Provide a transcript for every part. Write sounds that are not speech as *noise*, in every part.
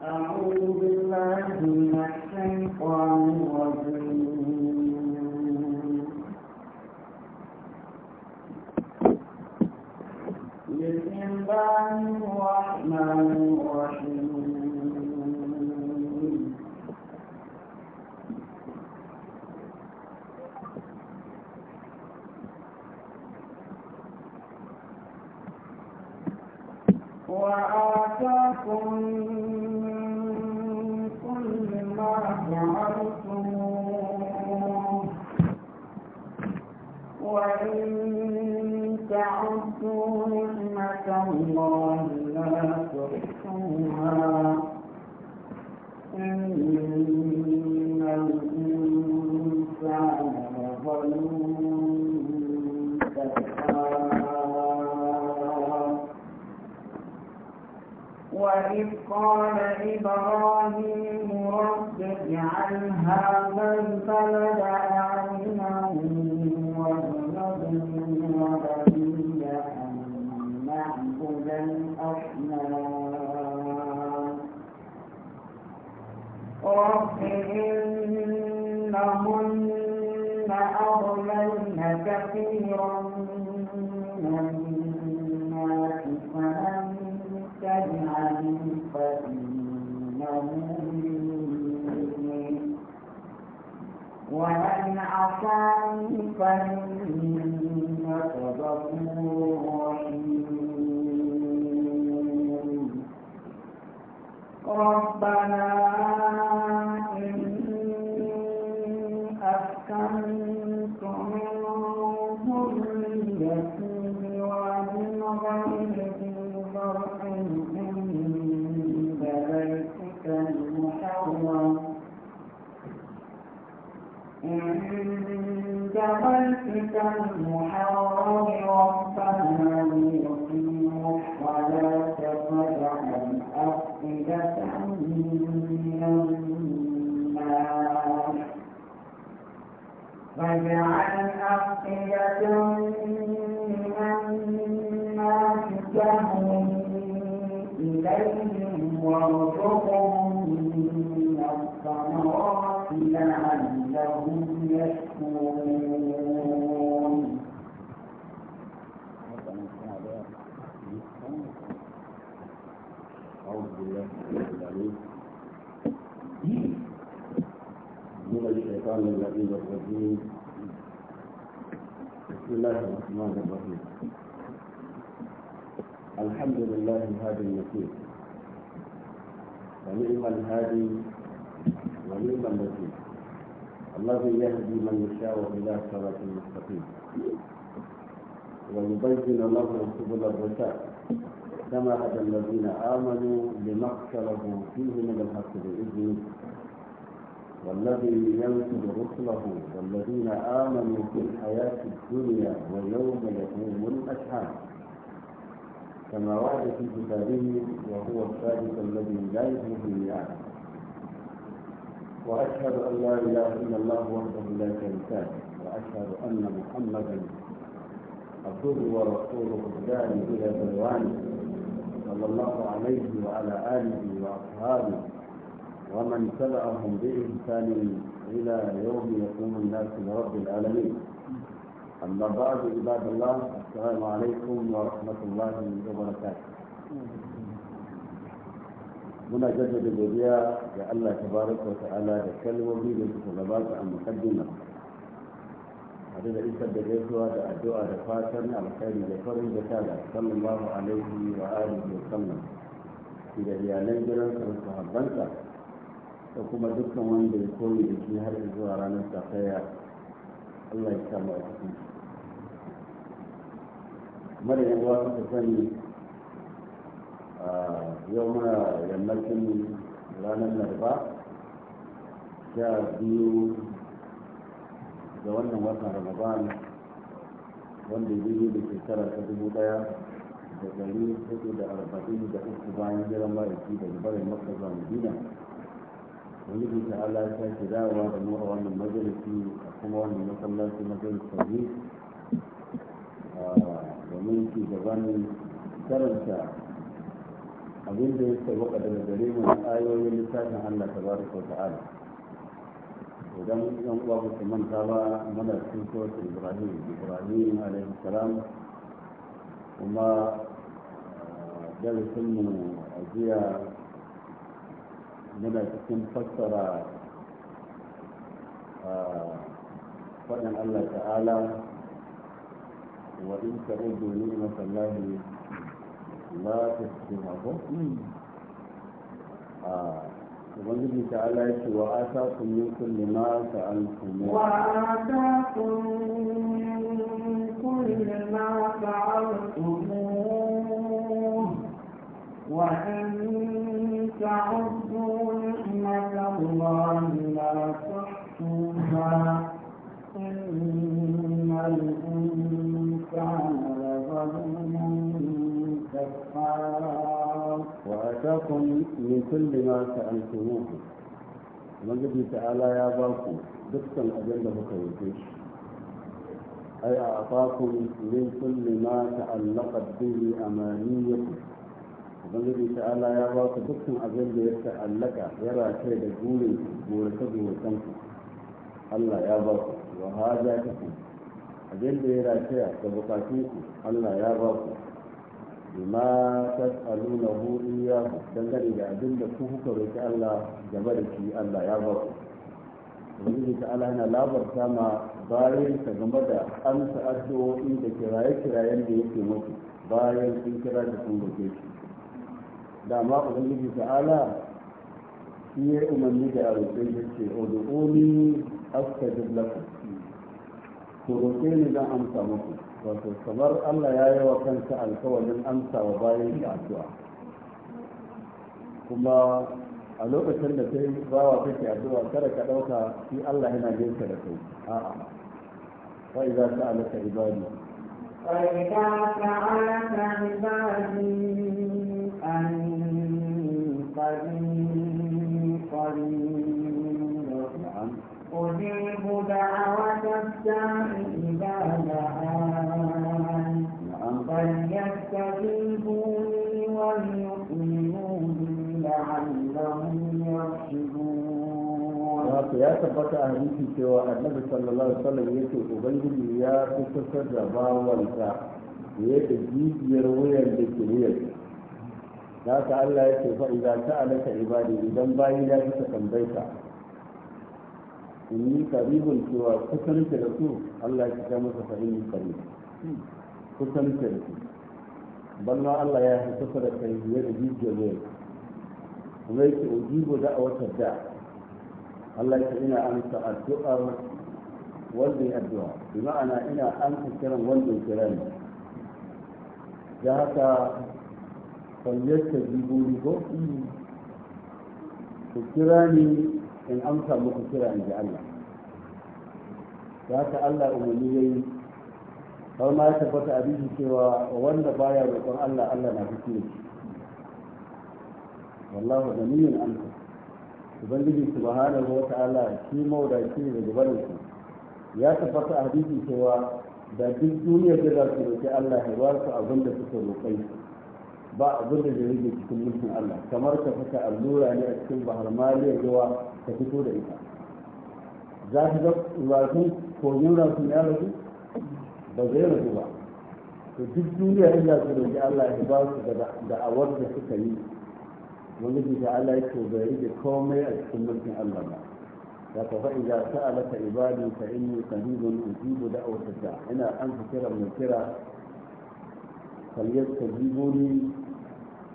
أعوذ بالله من الشيطان الرجيم بسم الله الرحمن الرحيم وآتاكم مغفرة من النار واجعل أفئدة من الناس تهوي إليهم وارزقهم من الثمرات لعلهم يشكرون بسم الله الرحمن الرحيم الحمد لله هذا النسيب ونعم الهادي ونعم النسيب الذي يهدي من يشاء الى صراط مستقيم ويبين له سبل الرشاد كما هدى الذين امنوا لما فيه من الحق باذنه والذي ينصر رسله والذين آمنوا في الحياة الدنيا ويوم يقوم الأشهاد كما ورد في كتابه وهو الثالث الذي لا يخلف الميعاد وأشهد أن لا إله إلا الله وحده لا شريك له وأشهد أن محمدا عبده ورسوله الداعي إلى بلوانه صلى الله عليه وعلى آله وأصحابه ومن تبعهم بإنسان إلى يوم يقوم الناس لرب العالمين أما بعد عباد الله السلام عليكم ورحمة الله وبركاته من جدد الوديع يا الله تبارك وتعالى تكلم بي بالطلبات عن مقدمة هذا إنسى بجيسوا دعا دعا دفاتر على خير من مليكور صلى الله عليه وآله وسلم إذا هي نجرا فرصها بنتا da kuma dukkan wanda ya koyi da shi har zuwa ranar safiya Allah ya samu a cikin mara yan uwa suka sani yau muna yammacin ranar laraba sha biyu ga wannan watan ramadan wanda biyu da shekara ta dubu daya da dari hudu da arba'in da uku bayan jiran ma'aiki daga barin makka zuwa madina ubangiji ta Allah ya sake dawowa da mu a wannan majalisi a kuma wannan masallaci majalisi ne ah, domin ci gaban karanta abin da ya sabaka daga gare mu na ayoyin littafin allah ta tabaraka wa ta'ala idan yan uwa ba ta manta ba muna cikin ibrahim ibrahim alaihi salam kuma ah, darasinmu a jiya muna cikin fassara faɗin Allah ta'ala wa in ta'udu ni'mat Allah la tuhsuha ko ubangiji ta ala ya ce wa ata kun yi kulli ma ta sa'altum wa ata kun kulli ma sa'altum وأن تعدوا نعمة الله لا تحصوها إن الإنسان لظلم كفار وأتاكم من كل ما سألتموه ubangiji ta'ala ya ba ku dukkan abin da muka roƙe shi ai a afakun min kulli ma ta'allaqat bihi amaniyakum ubangiji ta ala ya ba ku dukkan abin da ya ta'allaka ya rataye da burin gorace goracen ku allah ya ba ku wa haja ta ku abin da ya rataya da bukatun ku allah ya ba ku bima tas'alunahu iyyahu dangane da abin da ku kuka roƙi allah game da shi allah ya ba ku ubangiji ta'ala yana labarta ma bayan ka game da amsa addu'o'in da kiraye-kirayen da yake mutu bayan sun kira da sun roƙe shi da ma ubangiji ta'ala shi ya umarni da a roƙe ya ce odo'oni astajib lakum ku roƙe ni don amsa muku wato kamar Allah ya yi wa kansa alkawarin amsa wa bayan addu'a kuma a lokacin da sai bawa kake addu'a kada ka ɗauka shi Allah yana nesa da kai a'a fa idza sa'alaka ibadi fa idza sa'alaka ibadi ya tabbata a hadisi cewa annabi sallallahu alaihi wasallam ya ce ya fi kusa da bawansa fiye da jijiyar wayar da ke kiriyar da haka Allah ya ce fa'iza ta alaka ibadi idan bayi ya fi tambaita in yi karibin cewa kusanta da su Allah ya kika masa fa'in yi karib kusanta da su balma Allah ya fi kusa da kai fiye da jijiyar wayar kuma yake ujibo da a wata da Allah ya ce ina amsa addu'ar wanda ya addu'a bi ma'ana ina amsa kiran wanda ya kira ne da haka falyarta jiburi ko ku kira ni in amsa muku kira in ji Allah ta Allah umarni ya yi har ma ya tabbata a bishi cewa wanda baya roƙon Allah Allah na fushi shi. wallahu da ganiyun anka ubangiji subhanahu wa ta'ala shi maudaci ne da barin ku ya tabbata a bishi cewa da duk duniyar da za su roƙi Allah ya ba su abin da suka roƙai ba abin da zai yi cikin mulkin Allah kamar ka saka allura ne a cikin bahar maliyar ruwa ka fito da ita za ka ga rafin kogin rafin ya rasu ba zai rasu ba to duk duniya ya za su roƙi Allah ya ba su da da'awar da suka yi wani bisa Allah ya ce bai rike komai a cikin mulkin Allah ba da ka fa'i za ta alaka ibadi ka inni qaribun ujibu da'awata ina an fi kira mai kira falyar ta jiboni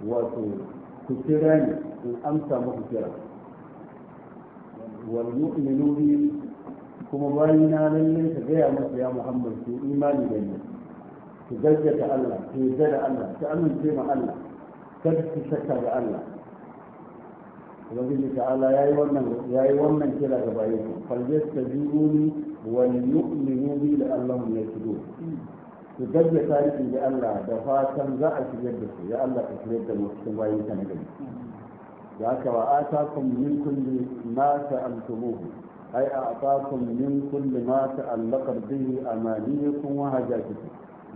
wato ku kira ni in amsa muku kira wal yu'minu bi kuma bayan na lalle ka gaya masa ya Muhammad ku imani da ni ku da Allah ku yarda da Allah ku amince ma Allah kada ku shakka da Allah ubangiji ta'ala yayi wannan yayi wannan kira ga bayan faljastajibu li wal yu'minu bi la Allahu yashkur su gaggata tarihi da Allah da fatan za a shigar da su ya Allah ka shigar da mu cikin bayan ka na gari da haka wa atakum min kulli ma ta'altumuhu ay a'takum min kulli ma ta'allaqa bihi amaniyukum wa hajatukum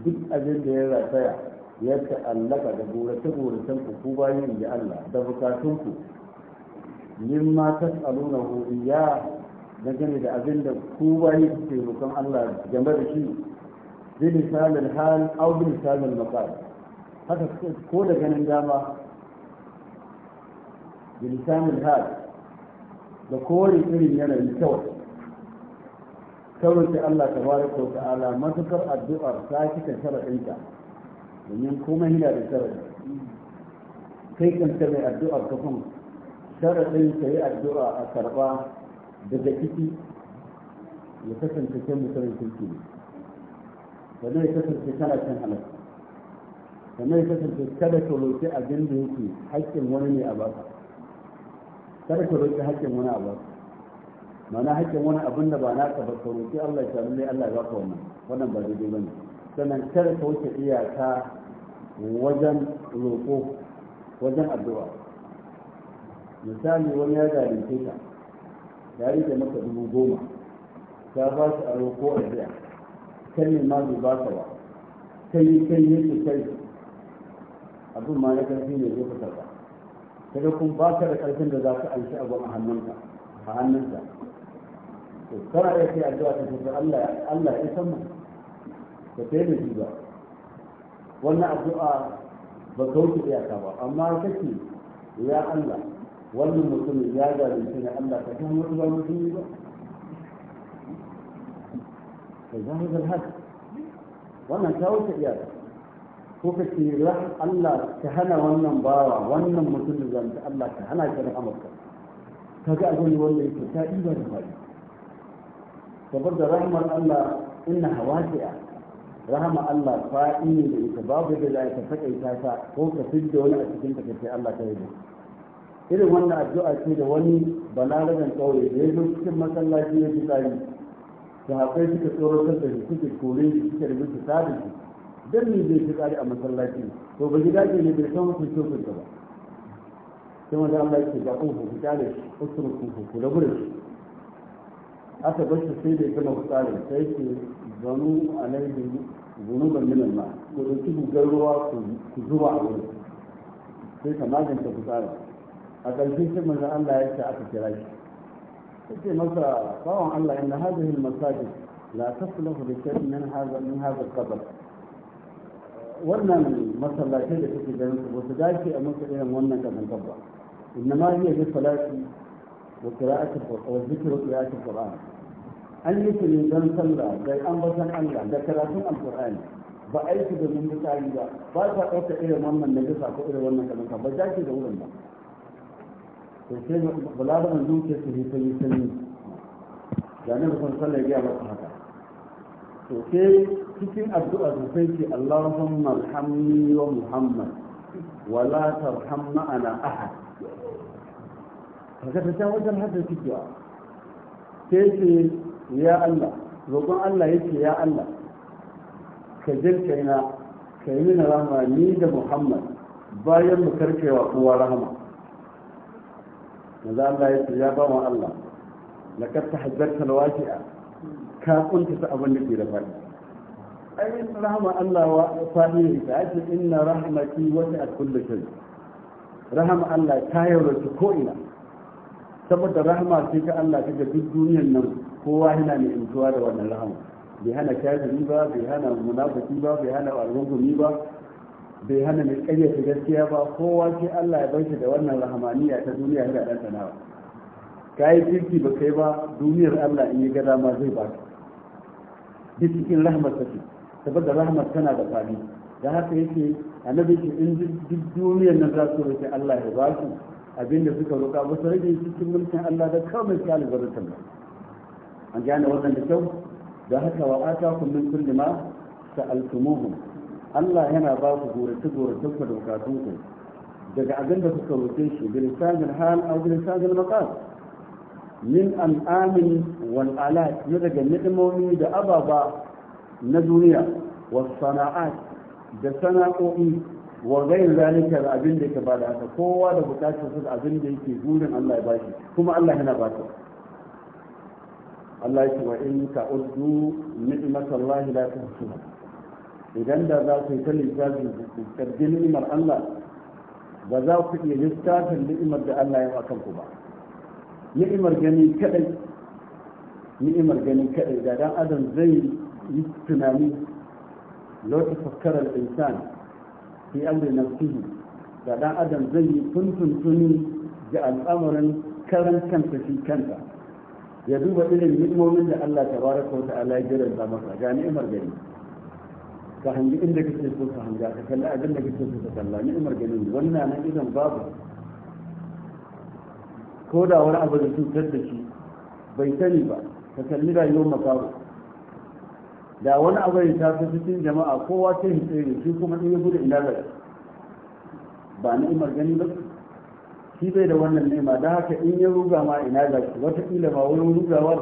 duk abin da ya rataya ya ta'allaka da burace burace ku ku bayan da Allah da bukatun ku min ma tas'alunahu iya dangane da abin da ku bayan kuke roƙon Allah game da shi بلسان الحال او بلسان المقال هذا كل جنندما بمثال الحال بكل كلمة من الكوت كونت الله تبارك وتعالى ما تكر الدؤر ساكت شرع انت من ينكوما هنا بشرع كي تنتبع الدؤر كفهم شرع انت هي الدؤر أسربا بذكتي يتسن تسمى سرع تلكيني sannan ya kasance kana cin halal sannan ya kasance kada ka roƙi abin da yake haƙƙin wani ne a ba ka, kada ka roƙi haƙƙin wani a ba ka, ma'ana haƙƙin wani abin da ba naka ba ka roƙi Allah ya sami Allah ya baka wannan wannan ba daidai bane sannan kada ka wuce iyaka wajen roƙo wajen addu'a misali wani ya zalunce ka ya rike maka dubu goma ta ba shi a roƙo a biya kai ma bai ba ka ba kai yi kai yi su kai abin ma na ƙarfi ne zai fitar ba kaga kun ba ka da ƙarfin da za ka anshi abu a hannunka a hannunka to kana iya kai addu'a ta tafi Allah Allah ya san mu ka kai da shi ba wannan addu'a ba ka wuce iyaka ba amma kake ya Allah wannan mutumin ya zalunci ne Allah ka san wani ba mutum ba فجاوز الحد وانا جاوز iyaka ko ka ce Allah ka hana wannan bawa wannan mutum da zanta Allah ka hana shi da amurka ka ga abin wanda yake ta ɗiba da faɗi saboda rahmar Allah inna hawasi'a rahama Allah faɗi ne da ita babu da za ta takaita ta ko ka fidda wani a cikin ta kace Allah ta yi irin wannan addu'a ce da wani balaragan kauye da ya zo cikin masallaci ya ji tsari sahabbai suka tsoratar da shi suka kore shi suka da mutu, tada shi dan ne zai fi tsari a masallaci to ba gida ke ne bai san hukuncin su ba sai wanda Allah yake ga ku ku da shi usuru ku ku rabu da shi aka bar shi sai bai gama tsari sai ke zanu alaihi zunuban min al-ma ko da ki gugar ruwa ku zuba a wurin sai ka magance ku tsari a ƙarshe sai manzo Allah ya ce aka kira shi yake masa bawan Allah inna hadhihi al-masajid la taslahu li shay'in min hadha min hadha al-qabr wannan masallatai da suke ganin su ba su dace a musu irin wannan kazantar ba inna ma hiya bi salati wa qira'ati wa dhikru qira'ati al-qur'an an yi su ne don sallah da ambatan Allah da karatun al-qur'ani ba aiki da domin mutane ba ba ta ɗauka irin wannan na bisa ko irin wannan kazantar ba dace da wurin ba to sai balaraban zuciya su yi sanyi sanyi da nan sun sallar gaya masu haka to sai cikin addu'a su sai ce Allahumma alhamni wa Muhammad wa la tarham ma'ana ahad kaga ta can wajen hadda suke sai ce ya Allah roƙon Allah ya ce ya Allah ka jirka ina ka yi mini rahama ni da Muhammad bayan mu karkewa kowa rahama manzo Allah ya ce ya ba mu Allah laqad tahaddarta a ka kunta ta abin da ke da fadi ai rahama Allah wa fadi ta ce inna rahmati wasi'at kulli shay rahma Allah ta yawarci ko ina saboda rahama ce ta Allah ta duk duniyar nan kowa yana mai intuwa da wannan rahama bai hana kafiri ba bai hana munafiki ba bai hana alwangumi ba bai hana mai ƙaryata gaskiya ba kowa sai Allah ya bar shi da wannan rahamaniya ta duniya ga dan sanawa yi kirki ba kai ba duniyar Allah in yi gada ma zai ba ka duk cikin rahmar ta ce saboda rahmar tana da fadi da haka yake annabi ce in duk duniyar nan za su rufe Allah ya ba su abinda suka roƙa ba su rage cikin mulkin Allah da kawai sai albarkar ba an gane wannan da kyau da haka wa'ata kullum kullum ma sa'altumuhum Allah yana ba ku goratu goratu ku da bukatun ku daga abin da kuka roƙe shi bil sajil hal aw bil sajil maqal min al'amin wal ala na daga ni'imomi da ababa na duniya wa sana'at da sana'o'i wa gairin zalika da abin da yake bada haka kowa da bukatar su da abin da yake burin Allah ya bashi kuma Allah yana ba ta Allah ya ce wa in ka uddu ni'matallahi la tuhsuha idan da za ku yi ta lissafi ku ni'imar Allah ba za ku iya lissafin ni'imar da Allah ya a ku ba ni'imar gani kadai ni'imar gani kadai da dan adam zai yi tunani lokacin fakkarar insan fi amri nafsihi da dan adam zai yi tuntuntuni ga al'amarin karan kanta shi kanta ya duba irin ni'imomin da Allah tabaraka wa ta'ala ya jira masa ga ni'imar gani ka inda kake so ka hanga ka kalli abin da kake so ka kalla umar ganin wannan nan idan babu ko da wani abu da cutar da shi bai sani ba ka kalli rayuwar makaro da wani abu ya tafi cikin jama'a kowa ta ya tsere shi kuma in ya gudu ina da ba umar gani ba shi bai da wannan nema, da haka in ya ruga ma ina da shi wataƙila ba wurin rugawar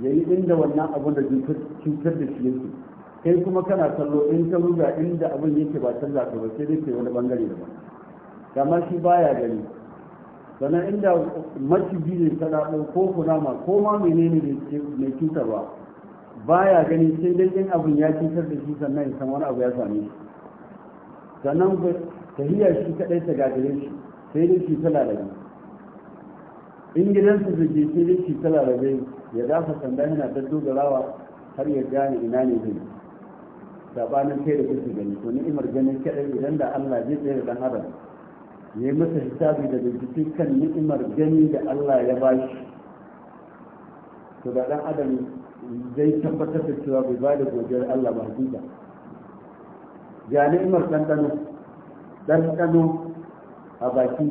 ya yi inda wannan abu da cutar da shi yake kai kuma kana kallo in ka ruga inda abin yake ba canza ka ba sai dai kai wani bangare daban kama shi baya gani sannan inda maciji ne ta daɗo ko kunama ko ma menene mai cuta ba baya gani sai dai in abin ya cutar da shi sannan ya san wani abu ya same shi sannan tahiyar shi kaɗai ta gagare shi sai dai shi ta da in gidansa da ke sai dai shi ta lalabe ya dafa sanda yana dogarawa har ya gane ina ne zai sabanin kai da kuke gani to ni'imar ganin kadai idan da Allah zai tsere dan adam ya yi masa hisabi da bincike kan ni'imar gani da Allah ya ba shi to da dan adam zai tabbatar da cewa bai ba da godiyar Allah ba hakika ya ni'imar ɗanɗano ɗanɗano a baki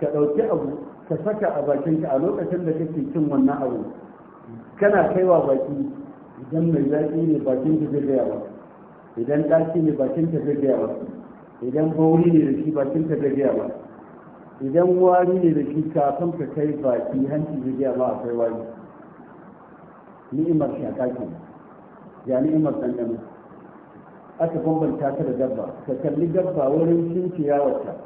ka ɗauki abu ka saka a bakinka a lokacin da kake cin wannan abu kana kaiwa baki idan mai zaƙi ne bakin ta zai gaya ba, idan ɗaki ne bakin ta zai gaya ba, idan bauri ne da shi bakin ta zai gaya ba, idan wari ne da shi kafin ka kai baki hanci zai gaya ba akwai wari ni'imar shaƙa ke ya ni'imar ɗanɗano aka bambanta ta da dabba ka kalli dabba wurin cin wata.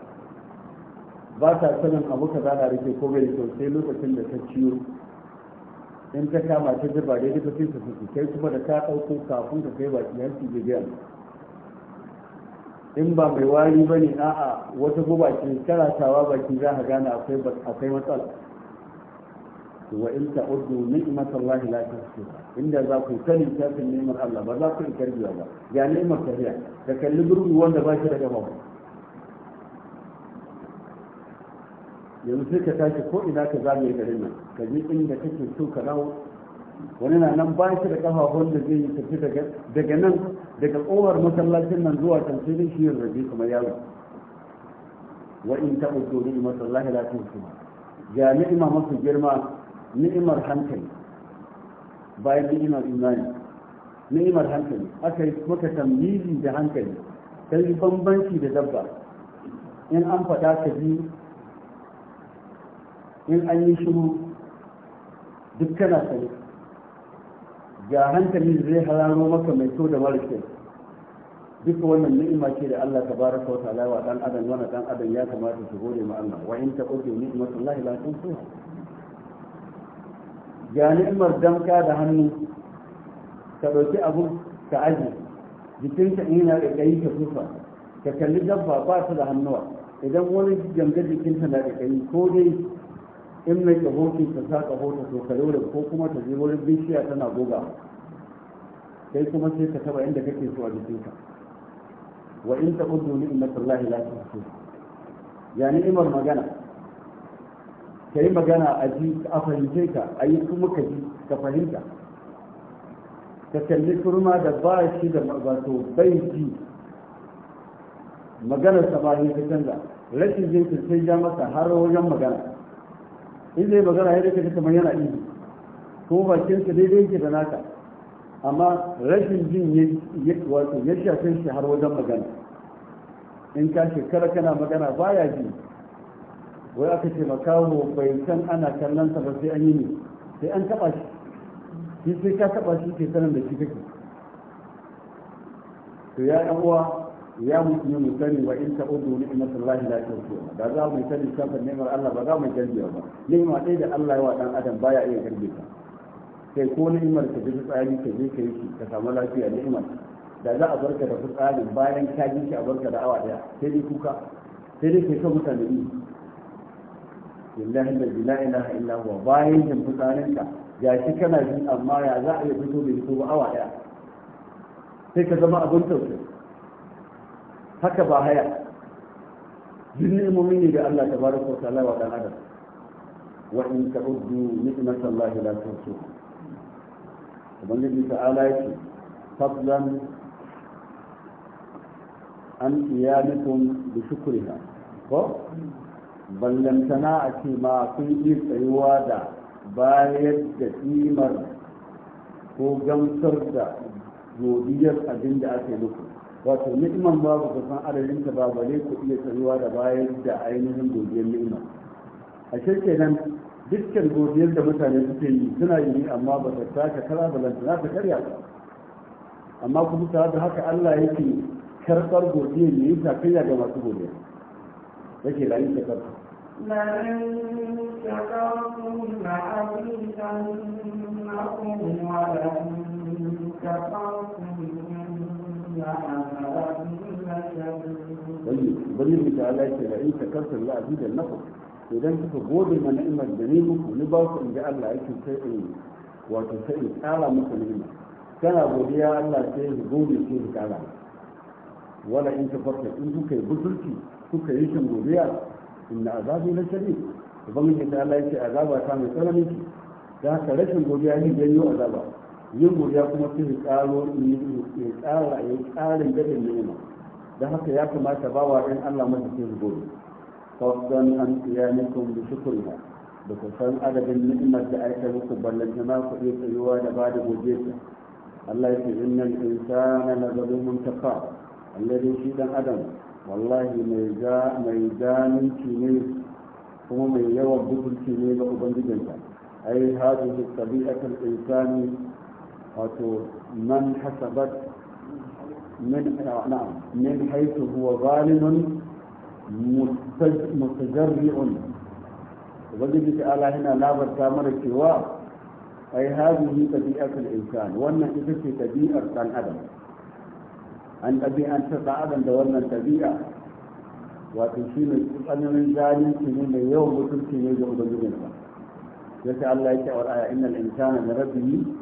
ba ta sanin abu ka za a rike ko bai sosai lokacin da ta ciwo. in ta kama ta zuba da ba sai su kai kuma da ta ɗauko kafin ka kai baki hanci ya biya in ba mai wari ba ne a'a wata guba ce karatawa baki za ka gane akwai matsala wa in ta uddu ni'mat Allah la inda za ku sani ta ni'mat Allah ba za ku karbiya ba ya ni'mar tafiya ka kalli gurbi wanda ba shi da gaba yanzu sai ka tashi ko ina ka zagaye garin nan ka je inda kake so ka dawo wani na nan ba shi da kafafun da zai yi tafi daga nan daga kowar masallacin nan zuwa can sai dai shi yin rabi kamar yaro wa in ta uku ni da ta tusu ga ni'ima masu girma ni'imar hankali bayan ni'imar imani ni'imar hankali aka yi maka tamyizi da hankali kai bambanci da dabba in an fada ka ji in an yi shiru duk kana sani ga hankali zai hararo maka mai so da mara kyau duka wannan ni'ima ce da Allah tabaraka wa ta'ala wa dan adam wani dan adam ya kamata su gode ma Allah wa in ni taqulu ni'matullahi la tunsuha ga ni'imar damka da hannu ka ɗauki abu ka aji jikinka in yana ƙaƙayi ka tufa ka kalli dabba ba su da hannuwa idan wani gangar jikinta na ƙaƙayi ko dai in mai kahokin ta sa kahota to ka da ko kuma ta je wurin bishiya tana goga kai kuma sai ka taba inda kake so a jikinka wa in ta kudu ni inna sallahi la su ya imar magana yi magana a ji a fahimce ka a yi kuma ka ji ka fahimta ka kalli turma da ba shi da wato bai ji maganar sa ba ne ta canza rashin jinkin sai ja masa har wajen magana in zai magana ya rika kamar yana ihu bakin bakinsa daidai yake da naka amma rashin jin ya wato ya shafe shi har wajen magana in ka shekara kana magana baya ji wai aka ce makawo bai san ana kallon sa ba sai an yi ne sai an taba shi shi sai ka taba shi ke sanar da shi kake to ya yan uwa ya mutu mu sani wa in ta udu ni'matullahi la tuhsuha da za mu sani kafa ni'mar Allah ba za mu canjiya ba ni'ma dai da Allah ya wa dan adam baya iya karbe ta sai ko ni'mar ka ji tsari ka je ka yi ka samu lafiya ni'mar da za a barka da fitsarin bayan ka ji shi a barka da awa daya sai dai kuka sai dai kai ka mutane ni billahi la ilaha illa huwa bayan jin fitsarin ka ya shi kana ji amma ya za a yi fito da fito ba awa daya sai ka zama abin tausayi haka ba haya duk ni'imomi ne da Allah ta baraka wa ta'ala wa dan adam wa in ta'uddu ni'matallahi la tuhsuha ubangiji ta'ala yake fadlan an iyalikum bi shukriha ko ballantana a ce ma kun yi tsayuwa da bayar da kimar ko gamsar da godiyar abin da ake muku wato ni'imar babu kusan adadin ta ba bare ku iya tsayuwa da bayan da ainihin godiyar ni'ima a shirke nan dukkan godiyar da mutane suke yi suna yi amma ba ta taka kara ba lantana ta karya ba amma kuma ta da haka Allah yake karɓar godiyar ne ta kayya ga masu godiya yake rayu ta karɓa لئن شكرتم لأزيدنكم ولئن كفرتم ubangiji ta ala ce da in shakarta la azidan nakum idan kuka gode ma ni'imar da ni ni ba ku in ji Allah yake sai in wato sai in kara muku ni'ima kana godiya Allah sai ya gode sai ya kara wala in tafarka in kuka yi butulci kuka yi shin godiya inna azabi la shadid ubangiji ta ala ce azaba ta mai tsanani ce da haka rashin godiya ne janyo azaba yin godiya kuma sai ya ƙaro ya ƙara ya tsarin gadin ni'ima da haka ya kamata ba wa ɗan Allah masa sai su gode fasan an qiyamikum bi shukriha da ku san adadin ni'imar da aka muku ballantana ku iya tsayuwa da ba da godiya Allah ya ce innal insana la zalumun kafar dai shi ɗan adam wallahi mai ga ne kuma mai yawan butulci ne ga ubangijinsa ai hadhihi tabi'atul insani wato man hasabat min na'am min haythu huwa zalimun mutajarri'un ubangiji ta ala yana labarta mana cewa ai hadihi tabi'atul insan wannan ita ce tabi'ar dan adam an ɗabi'antar ɗan adam da wannan tabi'a wato shi ne tsananin zalunci ne mai yawan mutunci ne ga ubangijinsa ya ce Allah ya ce wa aya innal insana da rabbihi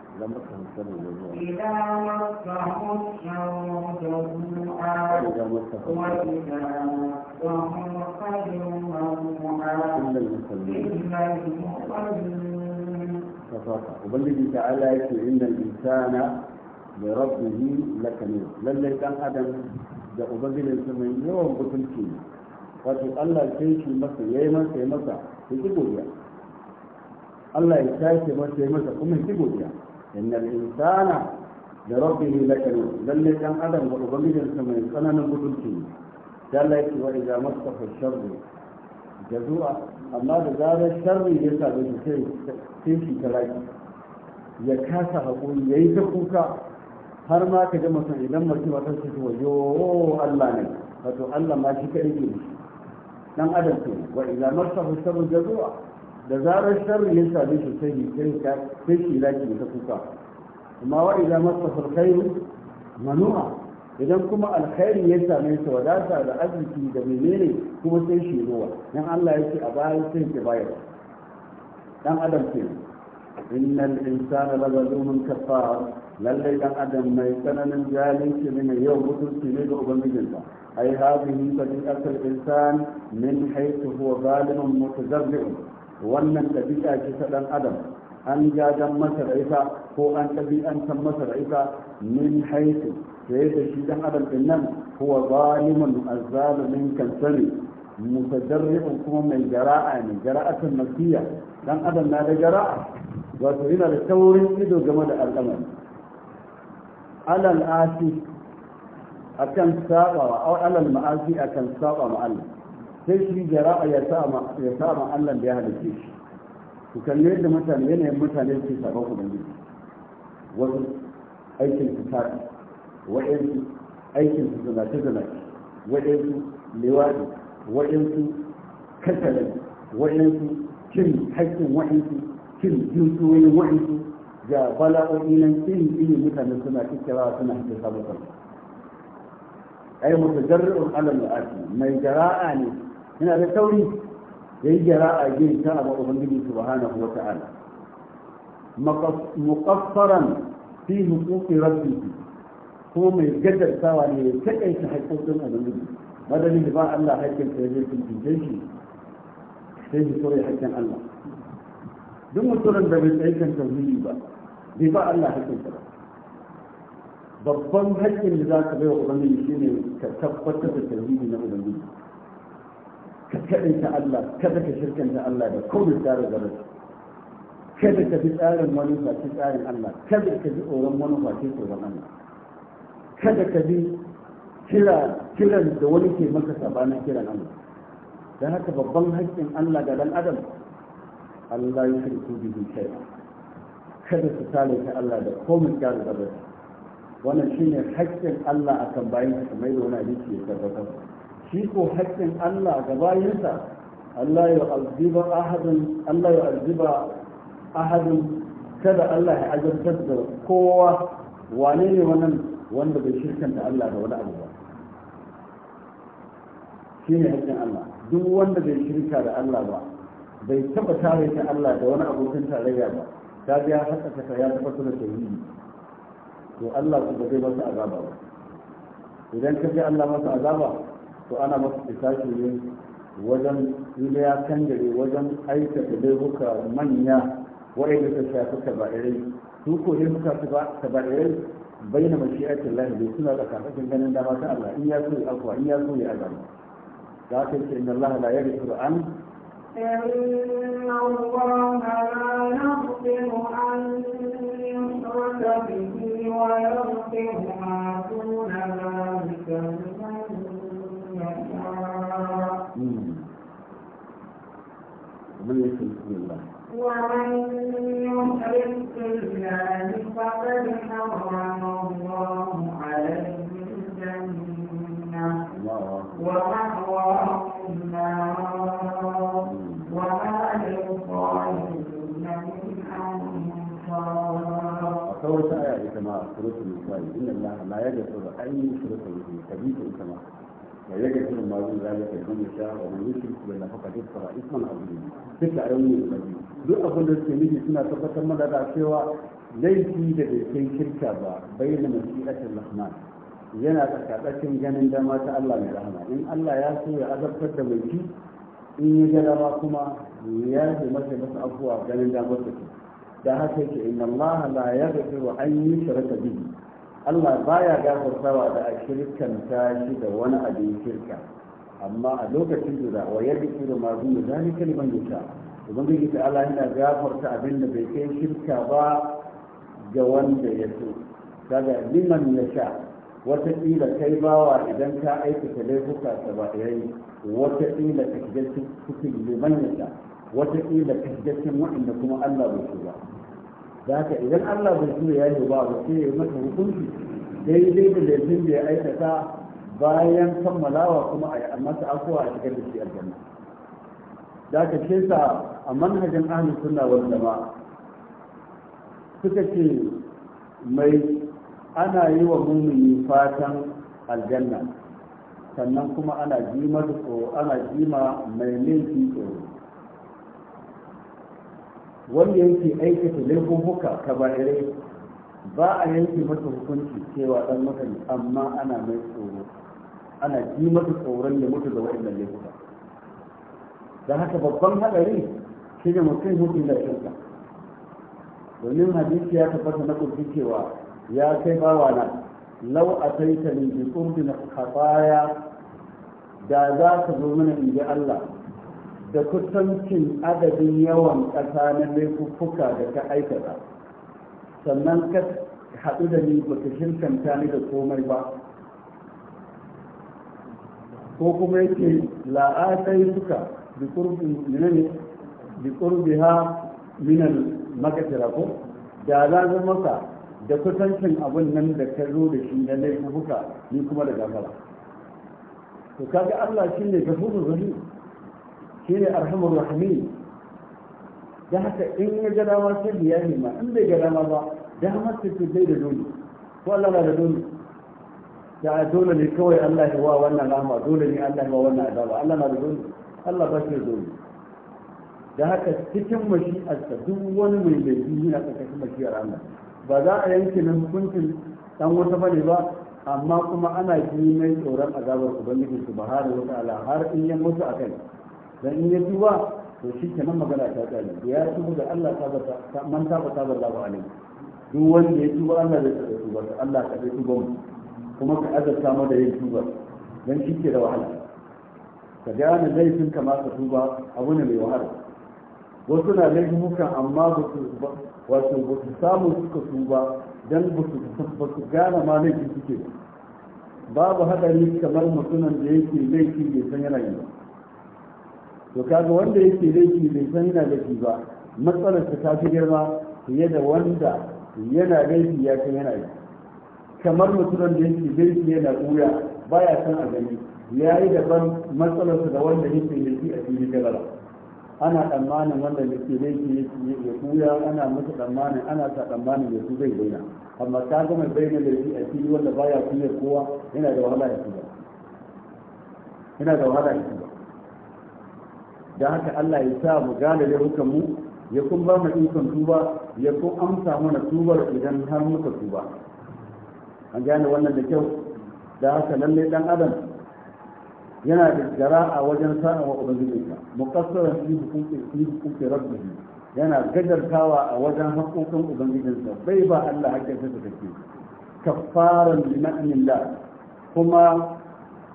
إذا مسه الشر جزوعا إذا مسه الشر جزوعا وإذا مسه الخير منوعا إلا المصلين وبلغ تعالى إن الإنسان لربه لكنير للي كان أدم da ubangijinsa mai yawan butulci ne wato allah sai shi masa ya yi masa ya masa ya ki godiya allah ya tashi masa ya masa kuma ya ki godiya إن الإنسان لربه لكنون لن كان أدم وأبمج السماء قنن بدلتين قال لك وإذا مصف الشر جزوعا أما بذار الشر يسعى بشيء تمشي كلاكي يكاسى هقول ييتكوك har ma ka ga mutum idan mutum wata su ce wajo Allah ne wato Allah ma shi ka yake dan adam to wa idza masahu sharru jazua da zarar sharri ya same shi sai shi sai shi laki ta kusa. amma wa idan masa khairu manu'a idan kuma alkhairi ya same shi wadata da arziki da menene kuma sai shi ruwa dan Allah yake a bayan sai ki bayar dan adam ke innal insana lazalumun kafar lallai dan adam mai tsananin zalunci ne mai yau mutunci ne ga ubangijinsa ai hadhihi tabi'atul insan min haythu huwa zalimun mutazabbi'un wannan tabi'a ce ta dan adam an gadan masa da ita ko an ɗabi'antar masa da ita min haitu sai da shi dan adam din nan huwa zalimin azzalumin kansani mutajarribin kuma mai jara'a ne jara'atun nasiya dan adam na da jara'a wato yana da taurin ido game da al'amari alal asi akan saba wa alal ma'asi akan saba ma Allah sai shi jara'a ya sama ya sama Allah da ya halice shi ku kalle yadda mutane yanayin mutane ke sabon ubangiji wasu aikin su ta, wa'ansu aikin su zanace zanace wa'ansu lewadi wa'ansu kasalin wa'ansu cin haƙƙin wa'ansu cin jinsuwoyin wa'ansu ga bala'o'i nan cin iri mutane suna kikkirawa suna haɗe sabon ai mutajarri'un alal mai jara'a ne yana da sauri ya yi jara a gini ta a ubangiji subhanahu wa ta'ala muqaffaran fi huquqi rabbihi kuma mai gaddarsawa ne ya taƙaita haƙƙoƙin ubangiji madalin da ba Allah haƙƙin ta yaje tuntunce shi sai shi soya haƙƙin Allah duk mutumin da bai tsaye kan tauhidi ba bai ba Allah haƙƙin ta ba babban haƙƙin da za ka bai wa ubangiji ne ka tabbatar da tauhidi na ubangiji ka ta Allah kada ka shirkanta Allah da komai tsarin garin kada ka fi tsarin wani faci tsarin Allah kada ka ji tsoron wani faci tsoron Allah kada ka bi kira kiran da wani ke maka sabanin kiran Allah da haka babban haƙƙin Allah ga dan adam Allah ya shirku bihi kai kada ka tare ta Allah da komai tsarin garin wannan shine haƙƙin Allah akan bayan kamar da wani hadisi ya tabbatar shi ko haƙƙin Allah ga bayinsa Allah ya azziba ahadin Allah ya azziba ahadin kada Allah ya azabtar da kowa wane ne wannan wanda bai shirkanta Allah da wani abu ba shi ne haƙƙin Allah duk wanda bai shirka da Allah ba bai taɓa tare ta Allah da wani abokin tarayya ba ta biya haƙƙa ta ya tabbatar da tauhidi to Allah ku zai masa azaba ba idan ka ji Allah masa azaba to ana masu tsaki ne wajen inda ya kangare wajen aikata laifuka manya waɗanda ta shafi tabarai su ko ta tabarai bai na mashi'atin lahi bai suna da kafin ganin dama ta Allah in ya so ya akwa in ya so ya azama za ka ce inna Allah la yari Qur'an إن الله لا يغفر أن يشرك به ويغفر ما دون ذلك ومن يشرك الله ومن يشرك الله فقد حرم الله عليه الجنة ومأواه آية النار وما للظالمين من أنصار. سورة كما سورة النساء إن الله لا يغفر اي يشرك به كبير كما ويجب ما دون ذلك لمن يشاء ومن يشرك بالله فقد يكفر اثما عظيما duka ɗan ne ubangi duk abin da suke miji suna tabbatar mana da cewa laifi da bai kai shirka ba bayyana mashi'atul rahman yana tsakatsacin ganin dama ta Allah mai rahama in Allah ya so ya azabtar da mai in yi ga kuma ya yi masa masa abubuwa ganin damar su da haka yake inna Allah la yaghfiru an yushraka bihi Allah baya gafartawa da a shirkanta shi da wani abin shirka amma a lokacin guda wa yadda su da mazu da zani kalman yuta ubangiji ta Allah yana gafarta abin da bai kai shirka ba ga wanda ya so daga liman ya sha wataƙila kai bawa idan ka aikata laifuka saba'ai wataƙila ka shiga cikin liman ya sha wataƙila ka shiga cikin waɗanda kuma Allah bai so ba za idan Allah bai juya ya yi ba ba sai ya masa hukunci daidai da laifin da ya aikata bayan kammalawa kuma a masa afuwa a cikin da shi aljanna za ka ce sa a manhajin ahli sunna wal jama'a suka ce mai ana yi wa mumini fatan aljanna sannan kuma ana ji masa ana ji ma mai laifi tsoro wanda yake aikata laifuka kaba'irai ba a yanke masa hukunci cewa dan makani amma ana mai tsoro ana ji masa tsoron ya mutu da waɗannan laifuka da haka babban haɗari shi ne mutum hukun da shirka domin hadisi ya tabbata na kurfi cewa ya kai bawa na lau a taita ne bi kurbin khataya da za ka zo mana in ji Allah da kusancin adadin yawan ƙasa na laifuffuka da ka aikata sannan ka haɗu da ni ba ka shirkanta ni da komai ba ko kuma yake la'atai suka bi ha minan makasira ko da za zan maka da kusancin abin nan da ka zo da shi na laifuffuka ni kuma da gafara to kaga Allah shine gafuru rahim shi ne arhamar rahimi da haka in ya ga dama sai da yayi ma in bai ga dama ba damar ta ce bai da dole ko Allah na da dole da dole ne kawai Allah ya wa wannan rahama dole ne Allah ya wa wannan azaba Allah na da dole Allah ba shi da dole da haka cikin mashi'arsa duk wani mai laifi yana tsakanin mashi'ar Allah ba za a yanke nan hukuncin dan wata bane ba amma kuma ana ji mai tsoron azabar ubangiji subhanahu wa ta'ala har in ya mutu akai dan in ya tuba to shi nan magana ta kare ya tuba da Allah ta bata man ta bata ba Allah alai duk wanda ya tuba Allah zai tsare tuba Allah ka zai tuba mu kuma ka azarta mu da yin tuba dan shi ke da wahala ka gane laifin ka ma ka tuba abu ne mai wahala wasu na laifin mukan amma ba su wato ba su samu suka tuba dan ba su gane ma laifin suke babu hadari kamar mutumin da yake laifi bai san yana yi ba to kaga wanda yake laifi bai san yana da shi ba matsalarsa ta fi girma fiye da wanda yana laifi ya san yana laifi kamar mutumin da yake laifi yana ɓuya baya san a gani ya yi daban matsalarsa da wanda yake laifi a cikin galala ana tsammanin wanda yake laifi ya ɓuya ana masa tsammanin ana sa tsammanin ya su zai daina amma ta gama bayyana shi a cikin wanda baya kuya kowa yana da wahala da shi yana da wahala da shi da haka Allah ya sa mu gane laifukan mu ya kun ba mu ikon tuba ya kun amsa mana tubar idan har muka tuba an gane wannan da kyau da haka lallai dan adam yana da a wajen sa'a wa ubangijinsa muqassiran fi hukuki fi hukuki rabbihi yana gadartawa a wajen haƙoƙin ubangijinsa bai ba Allah hakkinsa da take kafaran bi na'millah kuma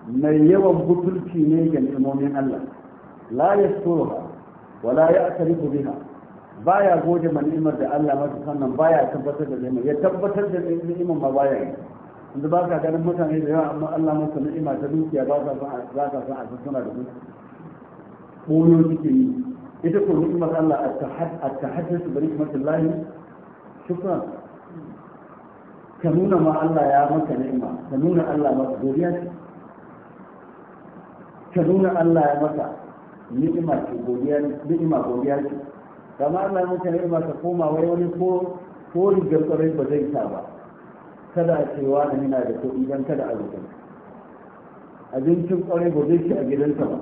mai yawan butulci ne ga ni'imomin Allah la yashkuruha wa la ya'tarifu biha baya gode ma ni'imar da Allah masa sannan baya tabbatar da ni'imar ya tabbatar da ni'imar ma baya yi inda ba ka ganin mutane da yawa amma Allah masa ni'ima ta dukiya ba ka san za ka san a suna da mutu boyo suke yi ita ko ni'imar Allah su tahaddathu bi ni'matillah shukran ka nuna ma Allah ya maka ni'ima ka nuna Allah maka godiya ka nuna Allah ya maka ni'ima ce godiya ce kama Allah ya mutane ni'ima ta koma wai wani ko ko rigar kwarai ba zai sa ba kada cewa da nuna da kuɗi don kada a rufe abincin kwarai ba zai ci a gidansa ba